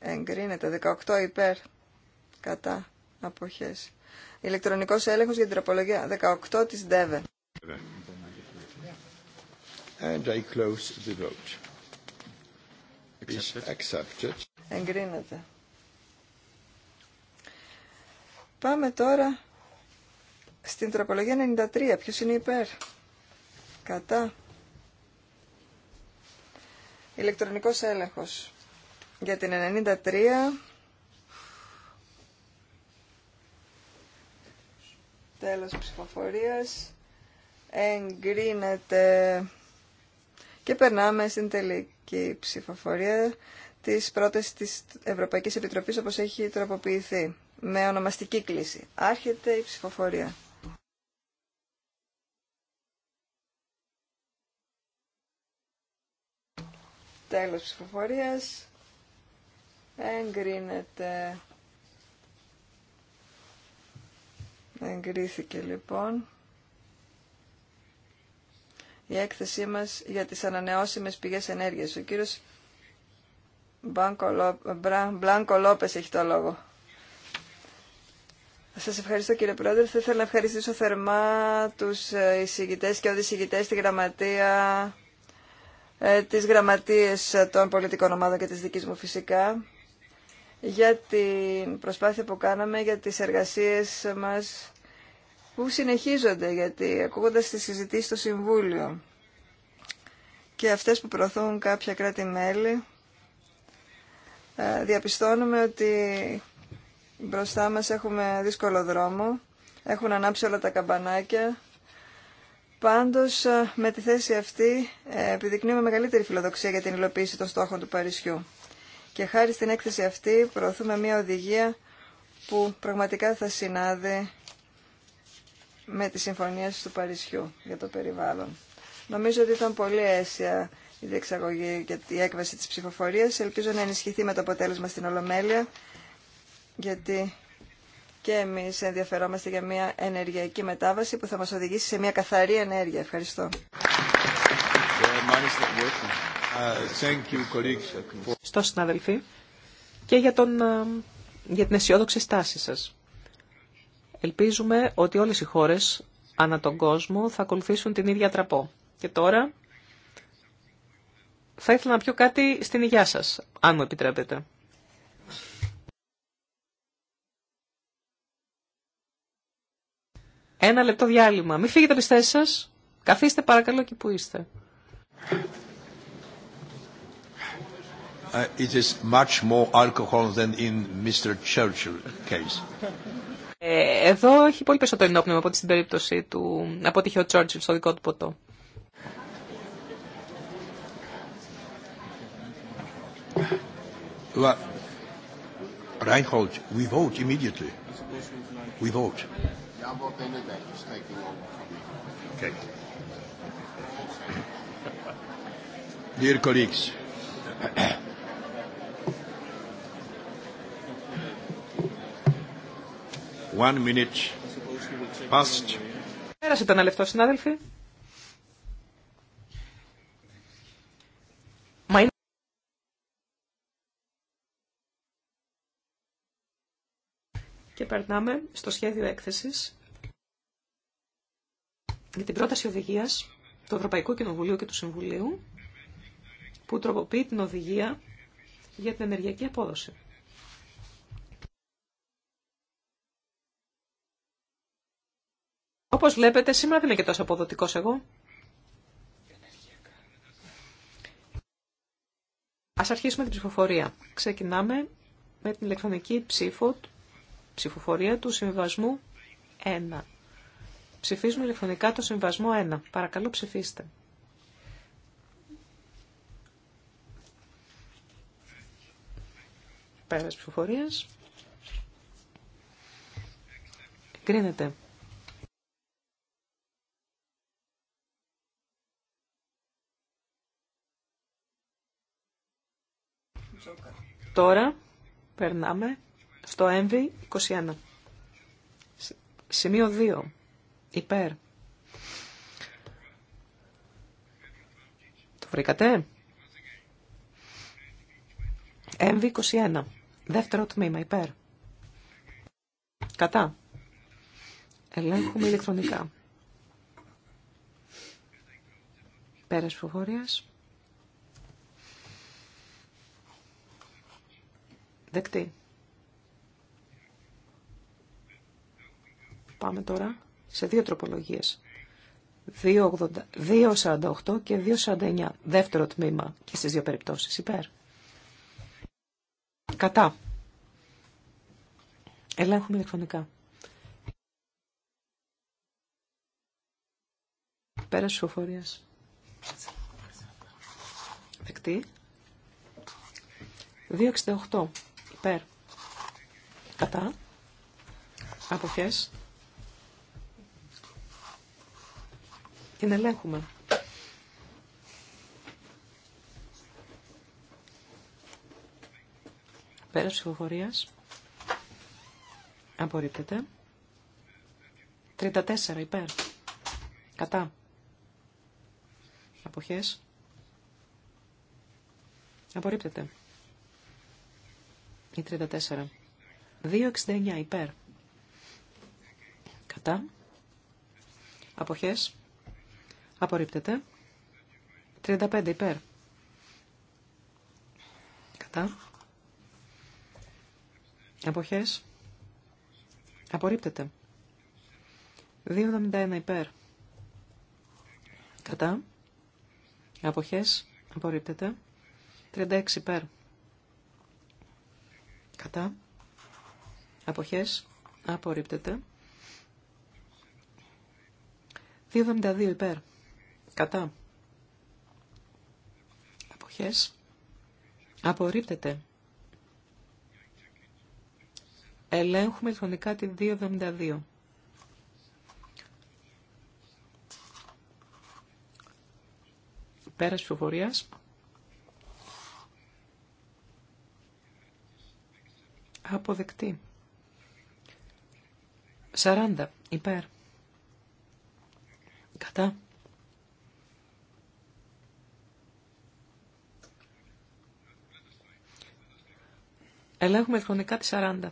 Εγκρίνεται. 18 υπέρ. Κατά. Αποχές. Ηλεκτρονικός έλεγχος για την τροπολογία 18 της ΔΕΒΕ. And I close the Accepted. Εγκρίνεται. Πάμε τώρα στην τροπολογία 93. Ποιος είναι υπέρ. Κατά. Ηλεκτρονικός έλεγχος. Για την 93... Τέλος ψηφοφορίας. Εγκρίνεται... Και περνάμε στην τελική ψηφοφορία της πρότασης της Ευρωπαϊκής Επιτροπής όπως έχει τροποποιηθεί με ονομαστική κλίση. Άρχεται η ψηφοφορία. Τέλος ψηφοφορίας. Εγκρίνεται. Εγκρίθηκε λοιπόν η έκθεσή μας για τις ανανεώσιμες πηγές ενέργειας. Ο κύριος Μπλάνκο Λόπες έχει το λόγο. Σας ευχαριστώ κύριε Πρόεδρε. Θα ήθελα να ευχαριστήσω θερμά τους ε, εισηγητές και οδησηγητές στη γραμματεία, ε, της γραμματείας των πολιτικών ομάδων και της δικής μου φυσικά, για την προσπάθεια που κάναμε, για τις εργασίες μας που συνεχίζονται γιατί ακούγοντας τις συζητήσεις στο Συμβούλιο και αυτές που προωθούν κάποια κράτη-μέλη ε, διαπιστώνουμε ότι μπροστά μας έχουμε δύσκολο δρόμο, έχουν ανάψει όλα τα καμπανάκια. Πάντως ε, με τη θέση αυτή ε, επιδεικνύουμε μεγαλύτερη φιλοδοξία για την υλοποίηση των στόχων του Παρισιού. Και χάρη στην έκθεση αυτή προωθούμε μια οδηγία που πραγματικά θα συνάδει με τις συμφωνίες του Παρισιού για το περιβάλλον. Νομίζω ότι ήταν πολύ αίσια η διεξαγωγή και η έκβαση της ψηφοφορίας. Ελπίζω να ενισχυθεί με το αποτέλεσμα στην Ολομέλεια, γιατί και εμείς ενδιαφερόμαστε για μια ενεργειακή μετάβαση που θα μας οδηγήσει σε μια καθαρή ενέργεια. Ευχαριστώ. Στο συναδελφοί και για, τον, για την αισιόδοξη στάση σας. Ελπίζουμε ότι όλες οι χώρες ανά τον κόσμο θα ακολουθήσουν την ίδια τραπό. Και τώρα θα ήθελα να πιω κάτι στην υγειά σας, αν μου επιτρέπετε. Ένα λεπτό διάλειμμα. Μην φύγετε από τις θέσεις σας. Καθίστε παρακαλώ εκεί που είστε. Uh, it is much more alcohol than in Mr. Churchill case. Ε, εδώ έχει πολύ περισσότερο ενόπνευμα από στην περίπτωση του, από ό,τι είχε ο Τσόρτσιλ στο δικό του ποτό. Reinhold, we vote immediately. We vote. Okay. Dear colleagues, One minute past. Πέρασε το ένα λεπτό, συνάδελφοι. Και περνάμε στο σχέδιο έκθεσης για την πρόταση οδηγίας του Ευρωπαϊκού Κοινοβουλίου και του Συμβουλίου που τροποποιεί την οδηγία για την ενεργειακή απόδοση. Όπως βλέπετε, σήμερα δεν είμαι και τόσο αποδοτικός εγώ. Ας αρχίσουμε την ψηφοφορία. Ξεκινάμε με την ηλεκτρονική ψήφο, ψηφοφορία του συμβασμού 1. Ψηφίζουμε ηλεκτρονικά το συμβασμό 1. Παρακαλώ ψηφίστε. Πέρας ψηφοφορίας. Κρίνεται. Τώρα περνάμε στο mv 21. Σημείο 2. Υπέρ. Το βρήκατε. mv 21. Δεύτερο τμήμα. Υπέρ. Κατά. Ελέγχουμε ηλεκτρονικά. Πέρας φοβορίας. Δεκτή. Πάμε τώρα σε δύο τροπολογίες. 2.48 και 2.49. Δεύτερο τμήμα και στις δύο περιπτώσεις. Υπέρ. Κατά. Ελέγχουμε ηλεκτρονικά. Πέρας ψηφοφορίας. Δεκτή. 2.68 υπέρ. Κατά. Αποχές. Την ελέγχουμε. Πέρα ψηφοφορίας. Απορρίπτεται. 34 υπέρ. Κατά. Αποχές. Απορρίπτεται ή 34. 2,69 υπέρ. Κατά. Αποχές. Απορρίπτεται. 35 υπέρ. Κατά. Αποχές. Απορρίπτεται. 2,71 υπέρ. Κατά. Αποχές. Απορρίπτεται. 36 υπέρ. Κατά. Αποχές. Απορρίπτεται. 2,72 υπέρ. Κατά. Αποχές. Απορρίπτεται. Ελέγχουμε χρονικά τη 2,72. Πέρας ψηφοφορίας. αποδεκτή. 40 υπέρ. Κατά. Ελέγχουμε χρονικά τη 40.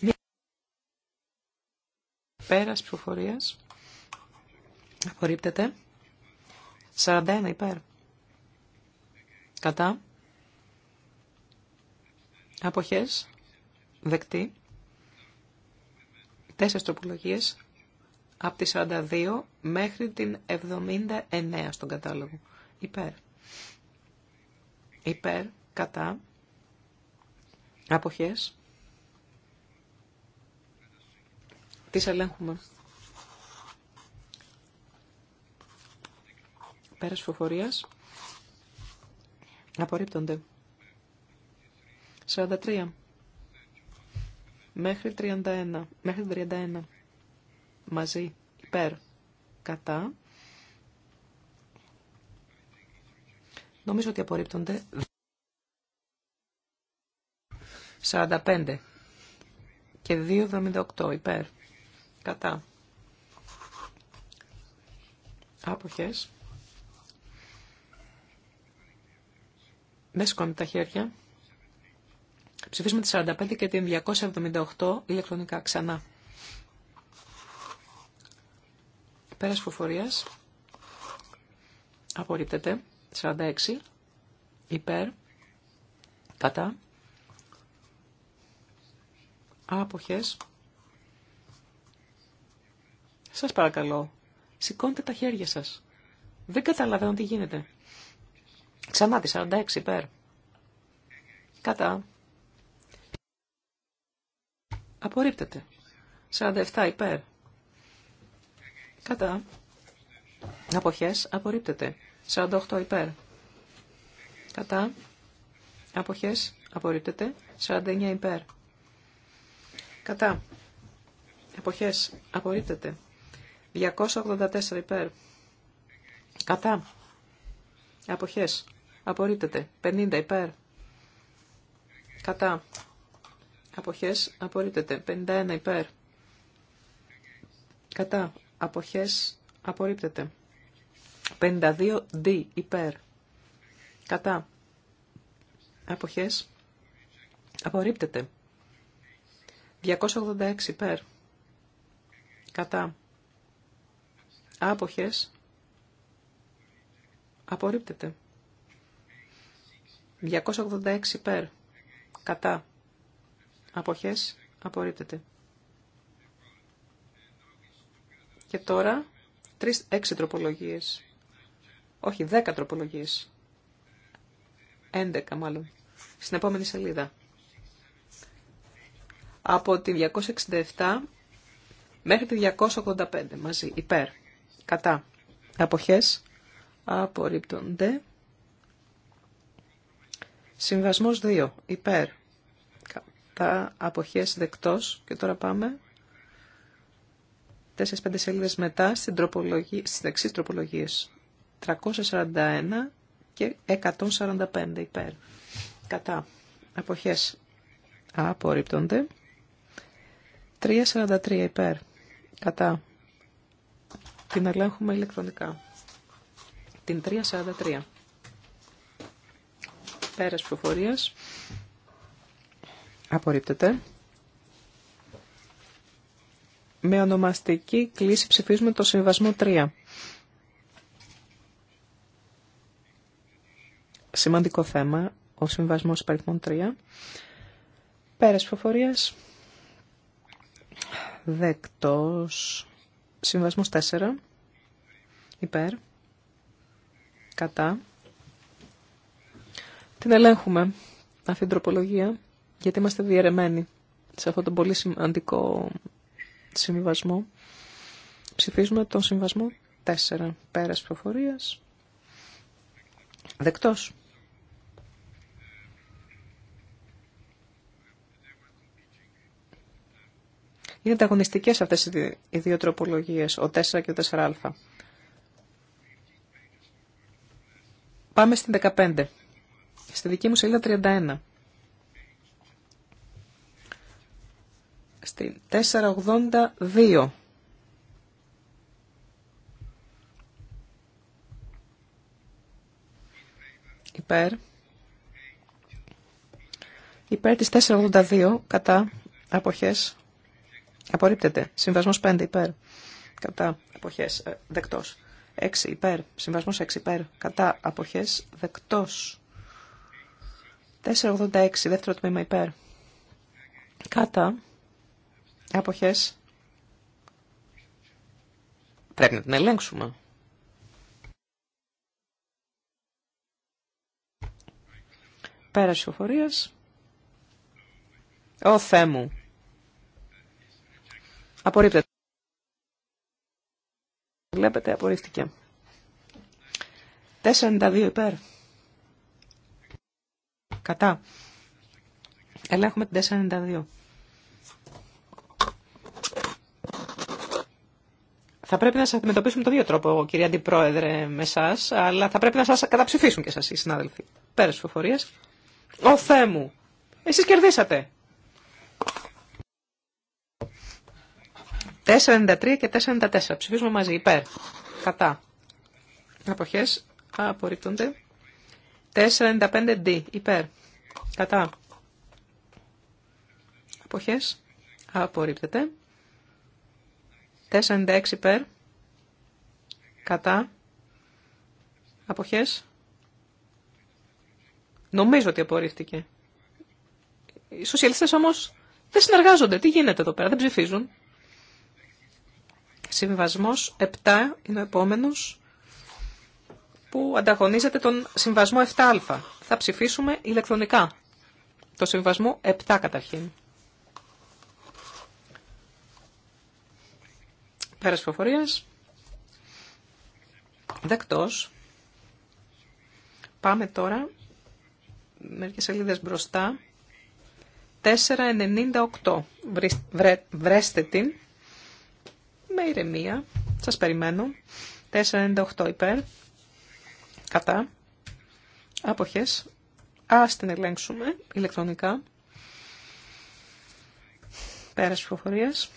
Μία. Πέρας ψηφοφορίας. Απορρίπτεται. 41 υπέρ. Κατά. Αποχές. Δεκτή. Τέσσερις τροπολογίες. Από τη 42 μέχρι την 79 στον κατάλογο. Υπέρ. Υπέρ. Κατά. Αποχές. Τις ελέγχουμε. Πέρας φοφορίας. Απορρίπτονται. 43. Μέχρι 31. Μέχρι 31. Μαζί. Υπέρ. Κατά. Νομίζω ότι απορρίπτονται. 45. Και 2,78. Υπέρ. Κατά. Άποχες. Δεν σηκώνετε τα χέρια. Ψηφίσουμε τη 45 και την 278 ηλεκτρονικά ξανά. Πέρας φοφορίας. Απορρίπτεται. 46. Υπέρ. Κατά. Άποχες. Σας παρακαλώ. Σηκώντε τα χέρια σας. Δεν καταλαβαίνω τι γίνεται. Ξανά τη 46 υπέρ. Κατά. Απορρίπτεται. 47 υπέρ. Κατά. Αποχές. Απορρίπτεται. 48 υπέρ. Κατά. Αποχές. Απορρίπτεται. 49 υπέρ. Κατά. Αποχές. Απορρίπτεται. 284 υπέρ. Κατά. Αποχές. Απορρίπτεται. 50 υπέρ. Κατά. Αποχές. Απορρίπτεται. 51 υπέρ. Κατά. Αποχές. Απορρίπτεται. 52 δι υπέρ. Κατά. Αποχές. Απορρίπτεται. 286 υπέρ. Κατά. Άποχες. Απορρίπτεται. 286 υπέρ. Κατά. Αποχές. Απορρίπτεται. Και τώρα, τρεις, έξι τροπολογίες. Όχι, δέκα τροπολογίες. Έντεκα μάλλον. Στην επόμενη σελίδα. Από τη 267 μέχρι τη 285 μαζί. Υπέρ. Κατά. Αποχές. Απορρίπτονται. Συμβασμός 2. Υπέρ. Κατά αποχές δεκτός. Και τώρα πάμε 4-5 σελίδες μετά στην τροπολογία, στις δεξίες 341 και 145 υπέρ. Κατά αποχές απορρίπτονται. 343 υπέρ. Κατά. Την ελέγχουμε ηλεκτρονικά. Την 343. Πέρας προφορίας. Απορρίπτεται. Με ονομαστική κλίση ψηφίζουμε το συμβασμό 3. Σημαντικό θέμα, ο συμβασμός υπαριθμών 3. Πέρας προφορίας. Δεκτός. Συμβασμός 4. Υπέρ. Κατά. Την ελέγχουμε αυτή την τροπολογία, γιατί είμαστε διαιρεμένοι σε αυτόν τον πολύ σημαντικό συμβιβασμό. Ψηφίζουμε τον συμβασμό 4. Πέρας προφορίας. Δεκτός. Είναι ανταγωνιστικές αυτές οι δύο τροπολογίες, ο 4 και ο 4α. Πάμε στην 15 στη δική μου σελίδα 31. Στην 482. Υπέρ. Υπέρ της 482 κατά αποχές. Απορρίπτεται. Συμβασμός 5 ε, υπέρ. Κατά αποχές. Δεκτός. 6 υπέρ. Συμβασμός 6 υπέρ. Κατά αποχές. Δεκτός. 486, δεύτερο τμήμα υπέρ. Κάτα. Αποχές. Πρέπει να την ελέγξουμε. Πέραση φορείας. Ω Θεέ μου. Απορρίπτεται. Βλέπετε, απορρίφθηκε. 492 υπέρ. Κατά. Ελέγχουμε την 492. Θα πρέπει να σα αντιμετωπίσουμε το δύο τρόπο, κυρία Αντιπρόεδρε, με εσά, αλλά θα πρέπει να σα καταψηφίσουν και εσά οι συνάδελφοι. Πέρα τη φοφορία. Ω Θεέ μου! Εσεί κερδίσατε! 4,93 και 4,94. Ψηφίζουμε μαζί. Υπέρ. Κατά. Αποχέ. Απορρίπτονται. 4,95D. Υπέρ. Κατά. Αποχές. Απορρίπτεται. 496 υπέρ. Κατά. Αποχές. Νομίζω ότι απορρίφθηκε. Οι σοσιαλιστές όμως δεν συνεργάζονται. Τι γίνεται εδώ πέρα, δεν ψηφίζουν. Συμβασμός 7 είναι ο επόμενος που ανταγωνίζεται τον συμβασμό 7α. Θα ψηφίσουμε ηλεκτρονικά. Το συμβασμό 7 καταρχήν. Πέρας προφορίας. Δεκτός. Πάμε τώρα μερικές σελίδες μπροστά. 4.98. βρέστε την. Με ηρεμία. Σας περιμένω. 4.98 υπέρ. Κατά. Άποχες. Ας την ελέγξουμε ηλεκτρονικά. Πέρας ψηφοφορίας.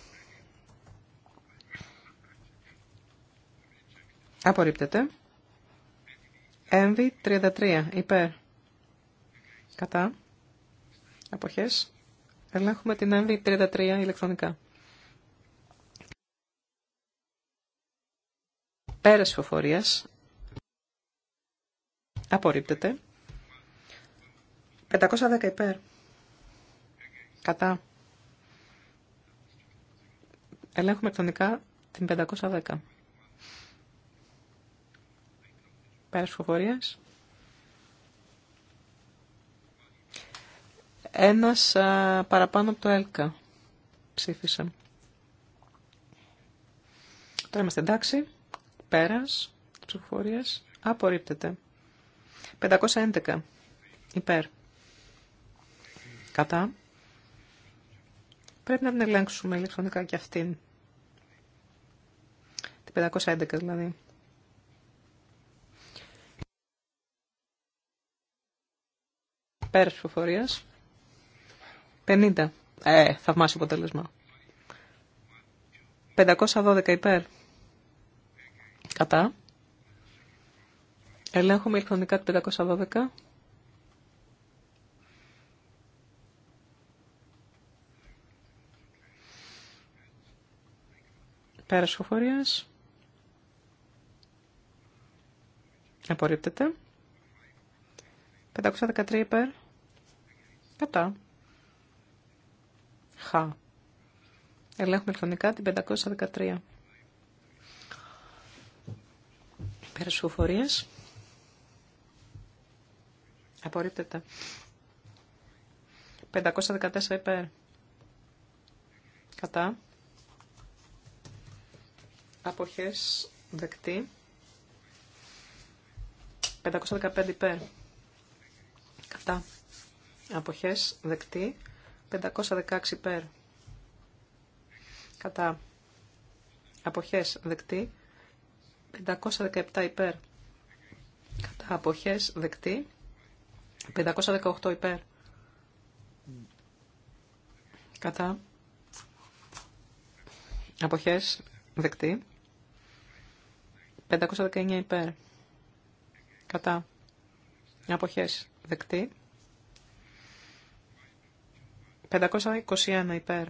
Απορρίπτεται. Έμβη 33. Υπέρ. Κατά. Αποχές. Ελέγχουμε την έμβη 33 ηλεκτρονικά. Πέρας ψηφοφορία. Απορρίπτεται. 510 υπέρ. Κατά. Ελέγχουμε εκτονικά την 510. Πέρας φοβορίας. Ένας παραπάνω από το ΕΛΚΑ ψήφισε. Τώρα είμαστε εντάξει. Πέρας ψηφοφορίας. Απορρίπτεται. 511 υπέρ. Κατά. Πρέπει να την ελέγξουμε ηλεκτρονικά και αυτήν. Την 511 δηλαδή. Πέρα της 50. Ε, θαυμάσιο αποτέλεσμα. 512 υπέρ. Κατά. Ελέγχουμε ηλεκτρονικά το 512. Πέρα σχοφορίας. Απορρίπτεται. 513 υπέρ. Κατά. Χ. Ελέγχουμε ηλεκτρονικά την 513. Πέρα σχοφορίας. Απορρίπτεται. 514 υπέρ. Κατά. Αποχές δεκτή. 515 υπέρ. Κατά. Αποχές δεκτή. 516 υπέρ. Κατά. Αποχές δεκτή. 517 υπέρ. Κατά. Αποχές δεκτή. 518 υπέρ. Κατά. Αποχές δεκτή. 519 υπέρ. Κατά. Αποχές δεκτή. 521 υπέρ.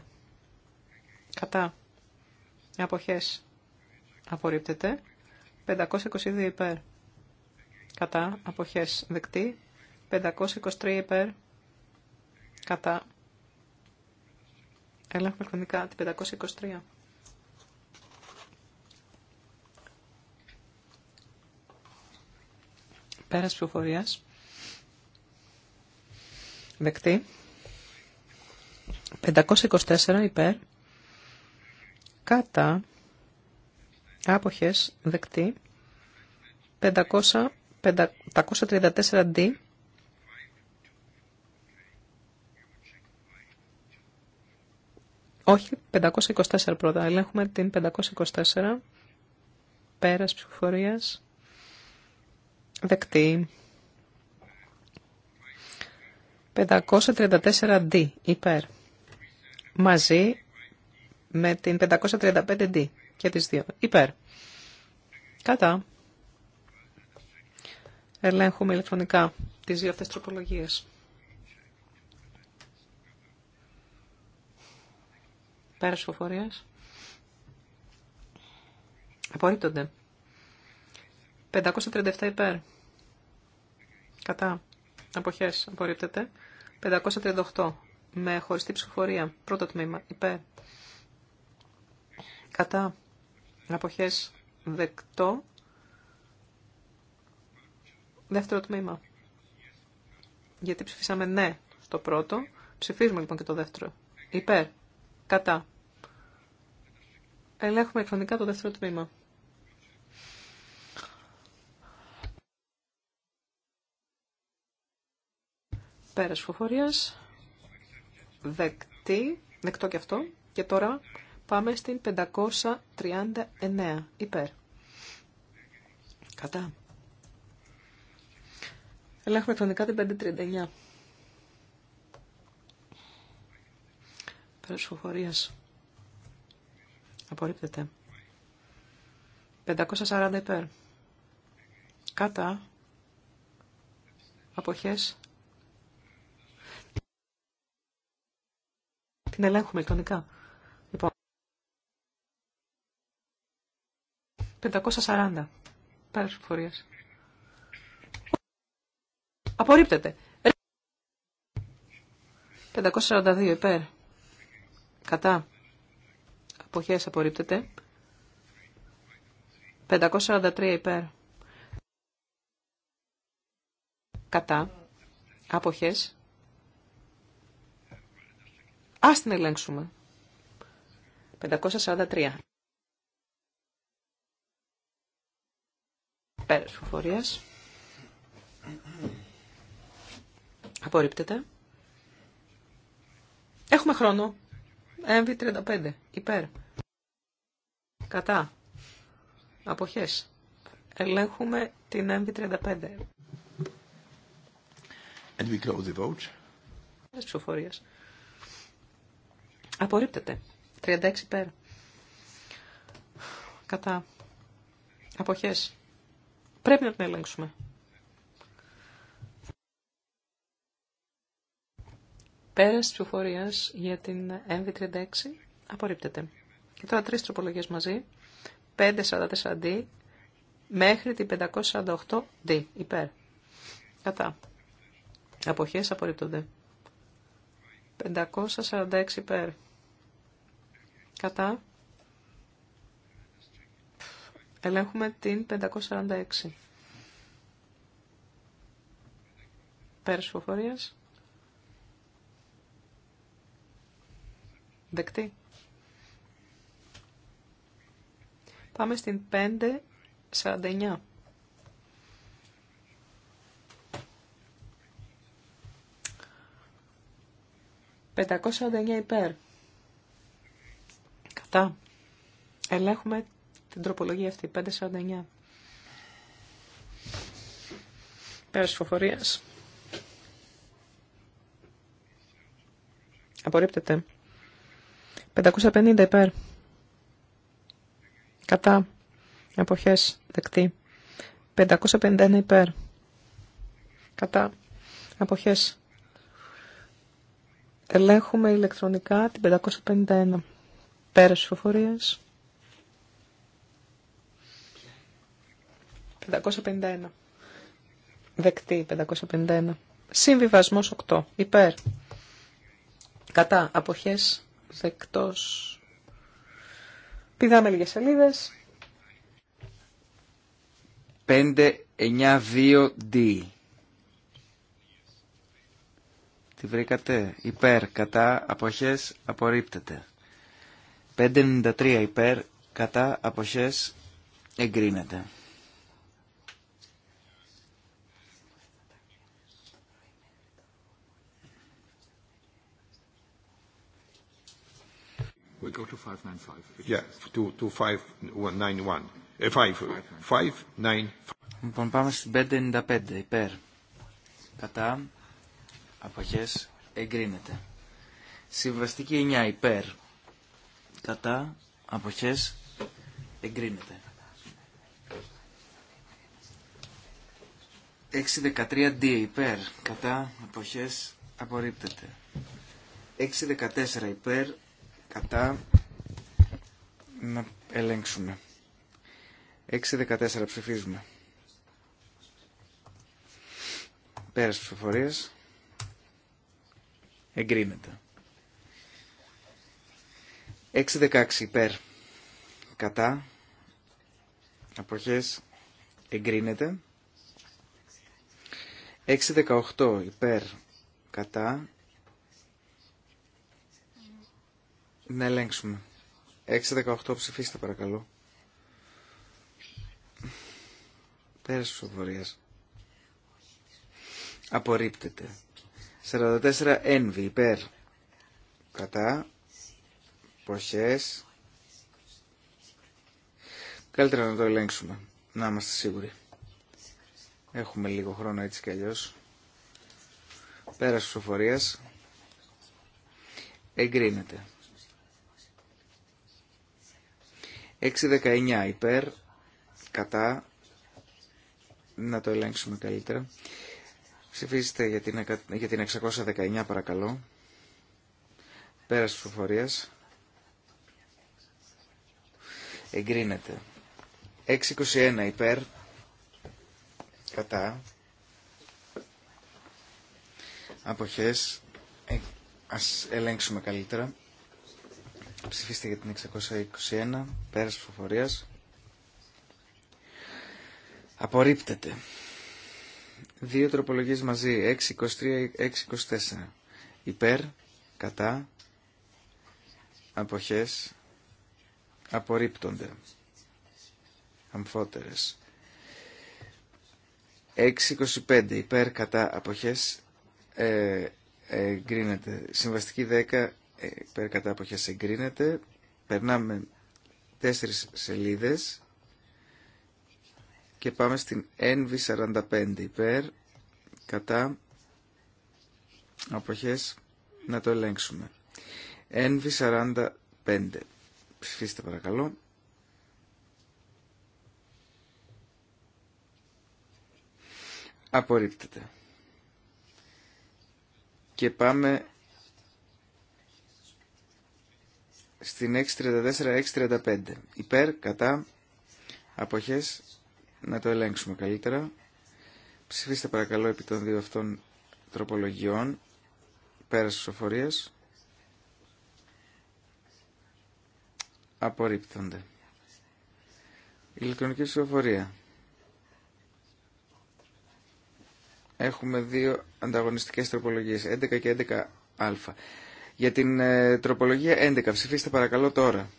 Κατά. Αποχές. Απορρίπτεται. 522 υπέρ. Κατά. Αποχές δεκτή. 523 υπέρ. Κατά. Ελέγχουμε χρονικά την 523. Πέρας πληροφορίας. Δεκτή. 524 υπέρ. Κατά. Άποχες. Δεκτή. 500, 534 D Όχι, 524 πρώτα. Ελέγχουμε την 524. περας ψηφοφορία. ψηφοφορίας. Δεκτή. 534D υπέρ. Μαζί με την 535D και τις δύο. Υπέρ. Κατά. Ελέγχουμε ηλεκτρονικά τις δύο αυτές τροπολογίες. Πέρας ψηφοφορίας. Απορρίπτονται. 537 υπέρ. Κατά. Αποχές. Απορρίπτεται. 538. Με χωριστή ψηφοφορία. Πρώτο τμήμα. Υπέρ. Κατά. Αποχές. Δεκτό. Δεύτερο τμήμα. Γιατί ψηφίσαμε ναι στο πρώτο. Ψηφίζουμε λοιπόν και το δεύτερο. Υπέρ. Κατά. Ελέγχουμε ηλεκτρονικά το δεύτερο τμήμα. Πέρας φοφορίας. Δεκτή. Δεκτό και αυτό. Και τώρα πάμε στην 539. Υπέρ. Κατά. Ελέγχουμε ηλεκτρονικά την 539. Πέρας Απορρίπτεται. 540 υπέρ. Κατά. Αποχές. Την ελέγχουμε ηλεκτρονικά. Λοιπόν. 540. Πέρα φορίες. Απορρίπτεται. 542 υπέρ. Κατά. Αποχές απορρίπτεται. 543 υπέρ. Κατά. Αποχές. Ας την ελέγξουμε. 543. Πέρα της Απορρίπτεται. Έχουμε χρόνο. MV35. Υπέρ. Κατά. Αποχές. Ελέγχουμε την MV35. And we close the vote. Της ψηφοφορίας. Απορρίπτεται. 36 υπέρ. Κατά. Αποχές. Πρέπει να την ελέγξουμε. Πέρας για την MV36 απορρίπτεται. Και τώρα τρεις τροπολογίες μαζί. 544D μέχρι την 548D. Υπέρ. Κατά. Αποχές απορρίπτονται. 546 υπέρ. Κατά. Ελέγχουμε την 546. Πέρας ψηφοφορίας. Δεκτή. Πάμε στην 549. 549 υπέρ. Κατά. Ελέγχουμε την τροπολογία αυτή, 549. Πέρας φοφορίας. Απορρίπτεται. 550 υπέρ. Κατά. εποχές δεκτή. 551 υπέρ. Κατά. εποχές. Ελέγχουμε ηλεκτρονικά την 551. Πέρας ψηφοφορίας. 551. Δεκτή 551. Συμβιβασμός 8. Υπέρ. Κατά. Αποχές δεκτός. Πηδάμε λίγες σελίδες. 592D. Τη βρήκατε. Υπέρ, κατά, αποχές, απορρίπτεται. 593 υπέρ, κατά, αποχές, εγκρίνεται. Λοιπόν, πάμε στην 595, υπέρ. Κατά, αποχές, εγκρίνεται. Συμβαστική 9, υπέρ. Κατά, αποχές, εγκρίνεται. 613D, υπέρ. Κατά, αποχές, απορρίπτεται. 614, υπέρ. Κατά, να ελέγξουμε. 6-14 ψηφίζουμε. Πέρας ψηφοφοριες εγκρινεται Εγκρίνεται. 6-16 υπέρ. Κατά. Αποχές. Εγκρίνεται. 6-18 υπέρ. Κατά. Να ελέγξουμε. 618, 18 ψηφίστε παρακαλώ. Πέρας της ψηφοφορίας. Απορρίπτεται. 44 ένβη υπέρ. Κατά. Ποχές. Καλύτερα να το ελέγξουμε. Να είμαστε σίγουροι. Έχουμε λίγο χρόνο έτσι κι αλλιώς. Πέρας ψηφοφορίας. Εγκρίνεται. 619 υπέρ, κατά, να το ελέγξουμε καλύτερα. Ψηφίστε για την, για την 619 παρακαλώ. Πέρας της προφορίας. Εγκρίνεται. 621 υπέρ, κατά, αποχές, ε, ας ελέγξουμε καλύτερα. Ψηφίστε για την 621. Πέρας ψηφοφορίας. Απορρίπτεται. Δύο τροπολογίες μαζί. 623-624. Υπέρ, κατά, αποχές, απορρίπτονται. Αμφότερες. 625 υπέρ κατά αποχές ε, Συμβαστική 10 υπέρ κατά αποχές εγκρίνεται. Περνάμε τέσσερις σελίδες και πάμε στην NV45 υπέρ κατά αποχές να το ελέγξουμε. NV45. Ψηφίστε παρακαλώ. Απορρίπτεται. Και πάμε στην 634-635. Υπέρ, κατά, αποχές, να το ελέγξουμε καλύτερα. Ψηφίστε παρακαλώ επί των δύο αυτών τροπολογιών, πέρας της Απορρίπτονται. Ηλεκτρονική ψηφοφορία. Έχουμε δύο ανταγωνιστικές τροπολογίες, 11 και 11α. Για την ε, τροπολογία 11 ψηφίστε παρακαλώ τώρα.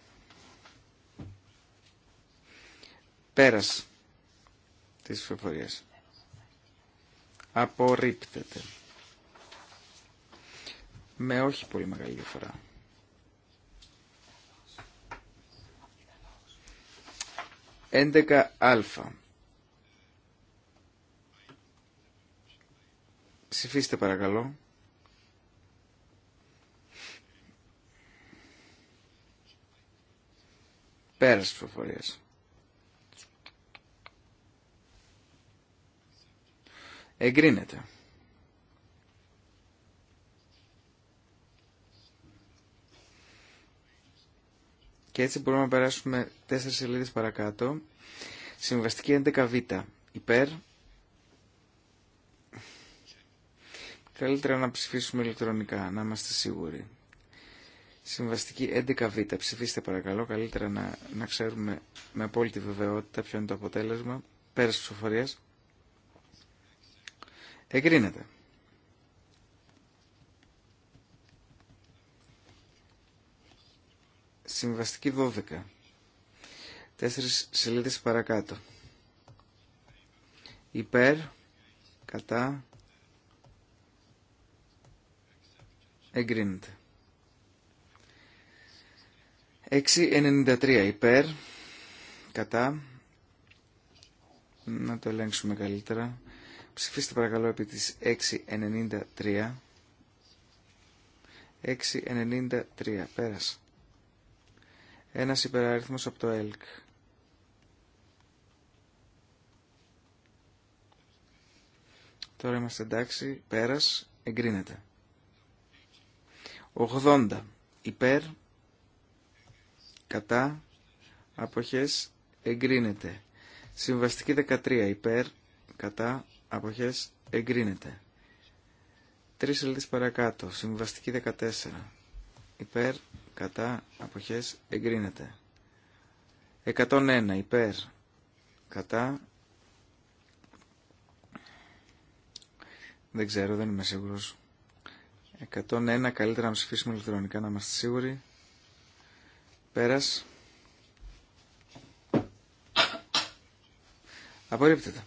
Πέρας της ψηφοφορίας. Απορρίπτεται. Με όχι πολύ μεγάλη διαφορά. 11 αλφα. Ψηφίστε παρακαλώ. Πέραση της προφορίες. Εγκρίνεται. Και έτσι μπορούμε να περάσουμε τέσσερις σελίδες παρακάτω. Συμβαστική 11β. Υπέρ. Καλύτερα να ψηφίσουμε ηλεκτρονικά, να είμαστε σίγουροι. Συμβαστική 11β. Ψηφίστε παρακαλώ. Καλύτερα να, να ξέρουμε με απόλυτη βεβαιότητα ποιο είναι το αποτέλεσμα. Πέρας ψηφοφορίας. Εγκρίνεται. Συμβαστική 12. Τέσσερις σελίδες παρακάτω. Υπέρ, κατά, εγκρίνεται. 6.93 υπέρ, κατά, να το ελέγξουμε καλύτερα. Ψηφίστε παρακαλώ επί της 6.93. 6.93, πέρασε. Ένας υπεραριθμός από το ΕΛΚ. Τώρα είμαστε εντάξει, πέρας, εγκρίνεται. 80 υπέρ, κατά αποχές εγκρίνεται. Συμβαστική 13 υπέρ κατά αποχές εγκρίνεται. Τρεις σελίδες παρακάτω. Συμβαστική 14 υπέρ κατά αποχές εγκρίνεται. 101 υπέρ κατά δεν ξέρω δεν είμαι σίγουρος 101 καλύτερα να ψηφίσουμε ηλεκτρονικά να είμαστε σίγουροι Πέρας. Απορρίπτεται.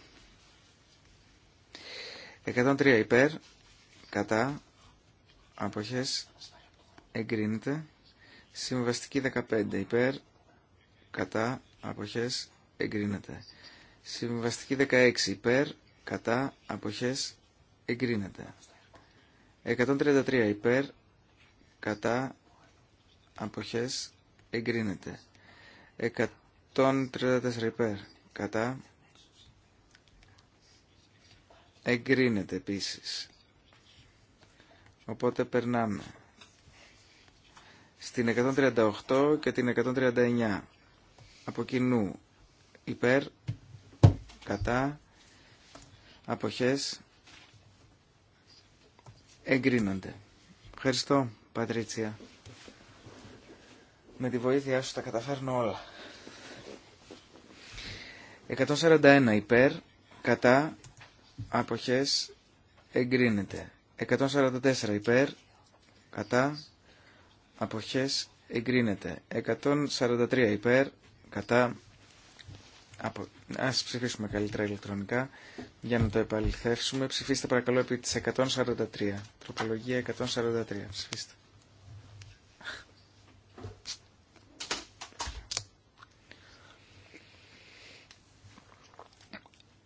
103 υπέρ, κατά, αποχές, εγκρίνεται. Συμβαστική 15 υπέρ, κατά, αποχές, εγκρίνεται. Συμβαστική 16 υπέρ, κατά, αποχές, εγκρίνεται. 133 υπέρ, κατά, αποχές, εγκρίνεται. 134 υπέρ κατά εγκρίνεται επίσης. Οπότε περνάμε στην 138 και την 139 από κοινού υπέρ κατά αποχές εγκρίνονται. Ευχαριστώ Πατρίτσια. Με τη βοήθειά σου τα καταφέρνω όλα. 141 υπέρ, κατά, αποχές, εγκρίνεται. 144 υπέρ, κατά, αποχές, εγκρίνεται. 143 υπέρ, κατά, απο... ας ψηφίσουμε καλύτερα ηλεκτρονικά για να το επαληθεύσουμε. Ψηφίστε παρακαλώ επί της 143, τροπολογία 143, ψηφίστε.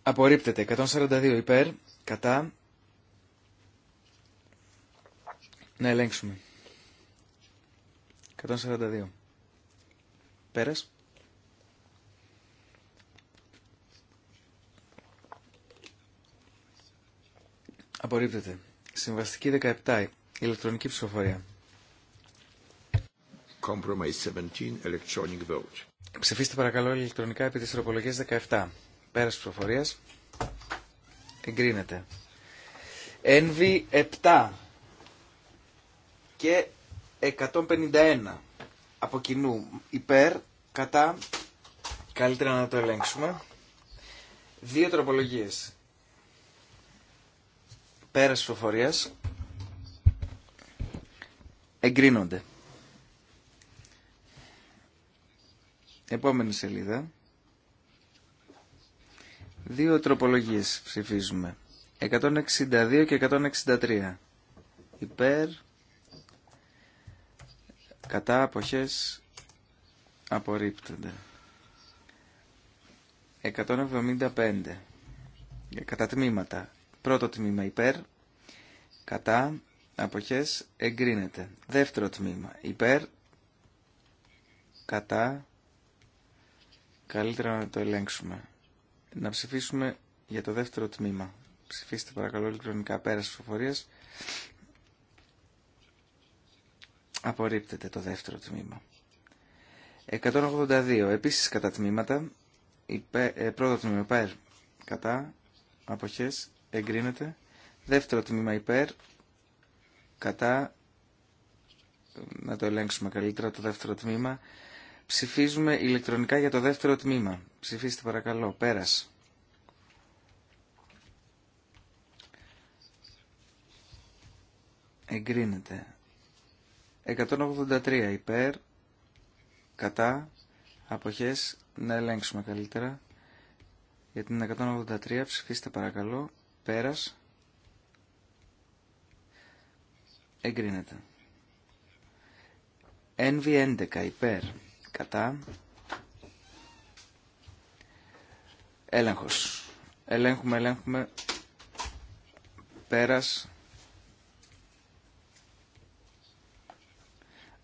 Απορρίπτεται. 142 υπέρ. Κατά. Να ελέγξουμε. 142. Πέρας. Απορρίπτεται. Συμβαστική 17. Ηλεκτρονική ψηφοφορία. Compromise 17. Electronic Ψηφίστε παρακαλώ ηλεκτρονικά επί της 17. Πέρας ψηφοφορίας. Εγκρίνεται. εγκρίνεται. 7 και 151 από κοινού υπέρ, κατά, καλύτερα να το ελέγξουμε. Δύο τροπολογίες. Πέρας ψηφοφορίας εγκρίνονται. Επόμενη σελίδα. Δύο τροπολογίες ψηφίζουμε. 162 και 163. Υπέρ, κατά αποχές απορρίπτονται. 175. Κατά τμήματα. Πρώτο τμήμα υπέρ, κατά αποχές εγκρίνεται. Δεύτερο τμήμα υπέρ, κατά, καλύτερα να το ελέγξουμε να ψηφίσουμε για το δεύτερο τμήμα. Ψηφίστε παρακαλώ ηλεκτρονικά πέρας ψηφοφορίας. Απορρίπτεται το δεύτερο τμήμα. 182. Επίσης κατά τμήματα. Ε, πρώτο τμήμα υπέρ κατά αποχές εγκρίνεται. Δεύτερο τμήμα υπέρ κατά να το ελέγξουμε καλύτερα το δεύτερο τμήμα Ψηφίζουμε ηλεκτρονικά για το δεύτερο τμήμα. Ψηφίστε παρακαλώ. Πέρας. Εγκρίνεται. 183 υπέρ, κατά, αποχές, να ελέγξουμε καλύτερα. Για την 183 ψηφίστε παρακαλώ. Πέρας. Εγκρίνεται. NV11 υπέρ. Κατά. Έλεγχος. Ελέγχουμε, ελέγχουμε. Πέρας.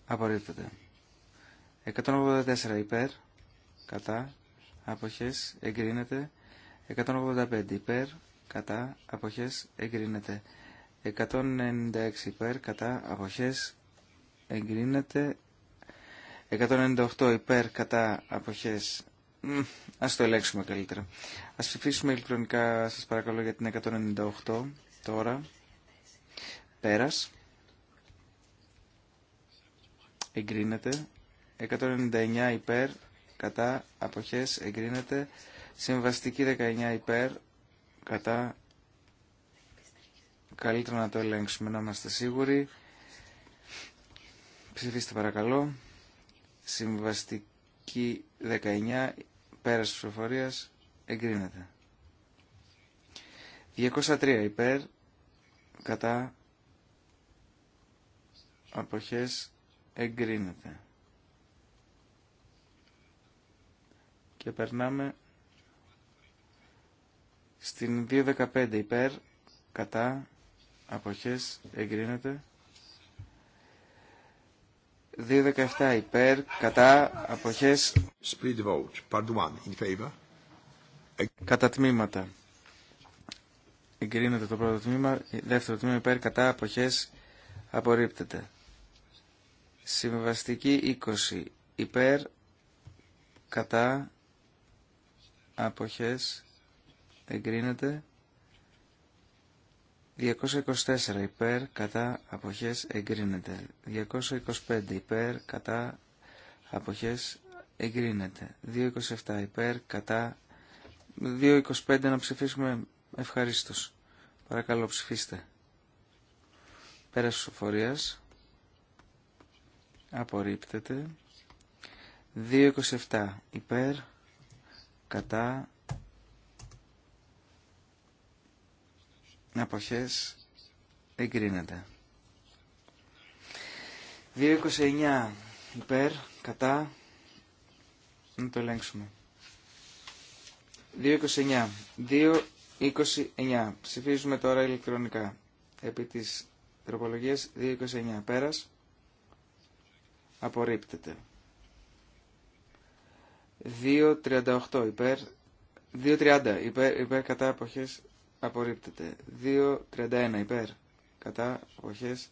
Απορρίπτεται. 184 υπέρ. Κατά. Αποχές. Εγκρίνεται. 185 υπέρ. Κατά. Αποχές. Εγκρίνεται. 196 υπέρ. Κατά. Αποχές. Εγκρίνεται. 198 υπέρ κατά αποχές. Ας το ελέγξουμε καλύτερα. Ας ψηφίσουμε ηλεκτρονικά, σας παρακαλώ, για την 198 τώρα. Πέρας. Εγκρίνεται. 199 υπέρ κατά αποχές. Εγκρίνεται. Συμβαστική 19 υπέρ κατά καλύτερα να το ελέγξουμε να είμαστε σίγουροι ψηφίστε παρακαλώ Συμβαστική 19 πέρας της ψηφοφορίας εγκρίνεται. 203 υπέρ κατά αποχές εγκρίνεται. Και περνάμε στην 215 υπέρ κατά αποχές εγκρίνεται. 2.17 υπέρ, κατά, αποχές. Split vote. Part one. In favor. Κατά τμήματα. Εγκρίνεται το πρώτο τμήμα. Δεύτερο τμήμα υπέρ, κατά, αποχές. Απορρίπτεται. Συμβαστική 20. Υπέρ, κατά, αποχές. Εγκρίνεται. 224 υπέρ κατά αποχές εγκρίνεται. 225 υπέρ κατά αποχές εγκρίνεται. 227 υπέρ κατά 225 να ψηφίσουμε ευχαρίστως. Παρακαλώ ψηφίστε. Πέρας σοφορίας. Απορρίπτεται. 227 υπέρ κατά αποχές εγκρίνεται. 2.29 υπέρ, κατά, να το ελέγξουμε. 2.29, 2.29, ψηφίζουμε τώρα ηλεκτρονικά, επί της τροπολογίας 2.29, πέρας, απορρίπτεται. 2.38 υπέρ, 2.30 υπέρ, υπέρ κατά αποχές απορρίπτεται. 2.31 υπέρ κατά αποχές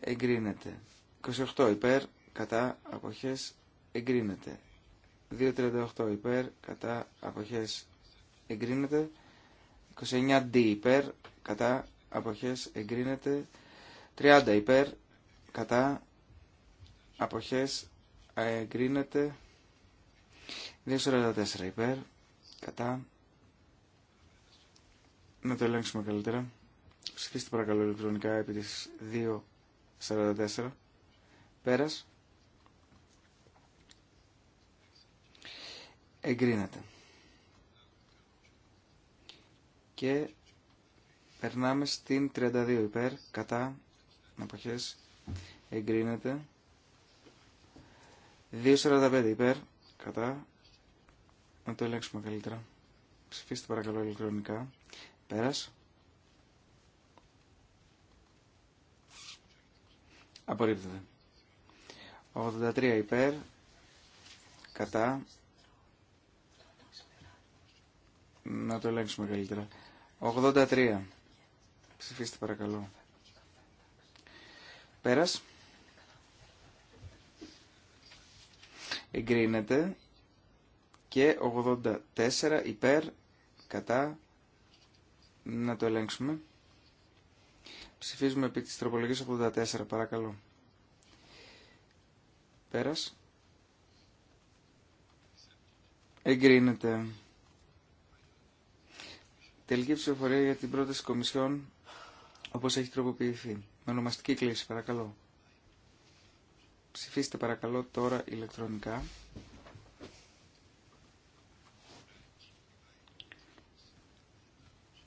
εγκρίνεται. 28 υπέρ κατά αποχές εγκρίνεται. 2.38 υπέρ κατά αποχές εγκρίνεται. 29 D υπέρ κατά αποχές εγκρίνεται. 30 υπέρ κατά αποχές εγκρίνεται. 2.44 υπέρ κατά να το ελέγξουμε καλύτερα. Ψηφίστε παρακαλώ ηλεκτρονικά επί της 2.44. Πέρας. Εγκρίνεται. Και περνάμε στην 32 υπέρ, κατά, αποχές, εγκρίνεται. 2.45 υπέρ, κατά, να το ελέγξουμε καλύτερα. Ψηφίστε παρακαλώ ηλεκτρονικά. Πέρας. Απορρίπτεται. 83 υπέρ. Κατά. Να το ελέγξουμε καλύτερα. 83. Ψηφίστε παρακαλώ. Πέρας. Εγκρίνεται. Και 84 υπέρ. Κατά να το ελέγξουμε. Ψηφίζουμε επί της τροπολογίας 84, παρακαλώ. Πέρας. Εγκρίνεται. Τελική ψηφοφορία για την πρόταση Κομισιόν, όπως έχει τροποποιηθεί. Με ονομαστική κλίση, παρακαλώ. Ψηφίστε παρακαλώ τώρα ηλεκτρονικά.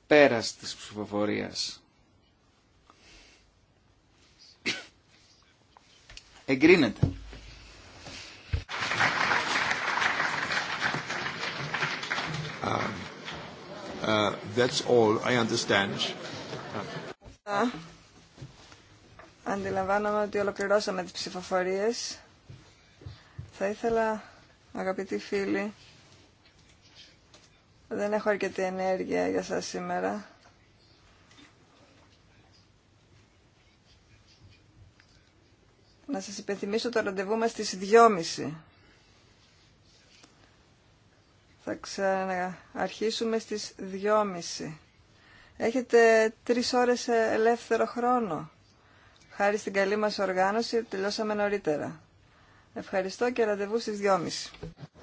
Πέρας της ψηφοφορίας. Εγκρίνεται. Uh, uh, Αντιλαμβάνομαι ότι ολοκληρώσαμε τις ψηφοφορίες. Θα ήθελα, αγαπητοί φίλοι, δεν έχω αρκετή ενέργεια για σας σήμερα. Να σας υπενθυμίσω το ραντεβού μας στις 2.30. Θα ξαναρχίσουμε στις 2.30. Έχετε τρεις ώρες ελεύθερο χρόνο. Χάρη στην καλή μας οργάνωση τελειώσαμε νωρίτερα. Ευχαριστώ και ραντεβού στις 2.30.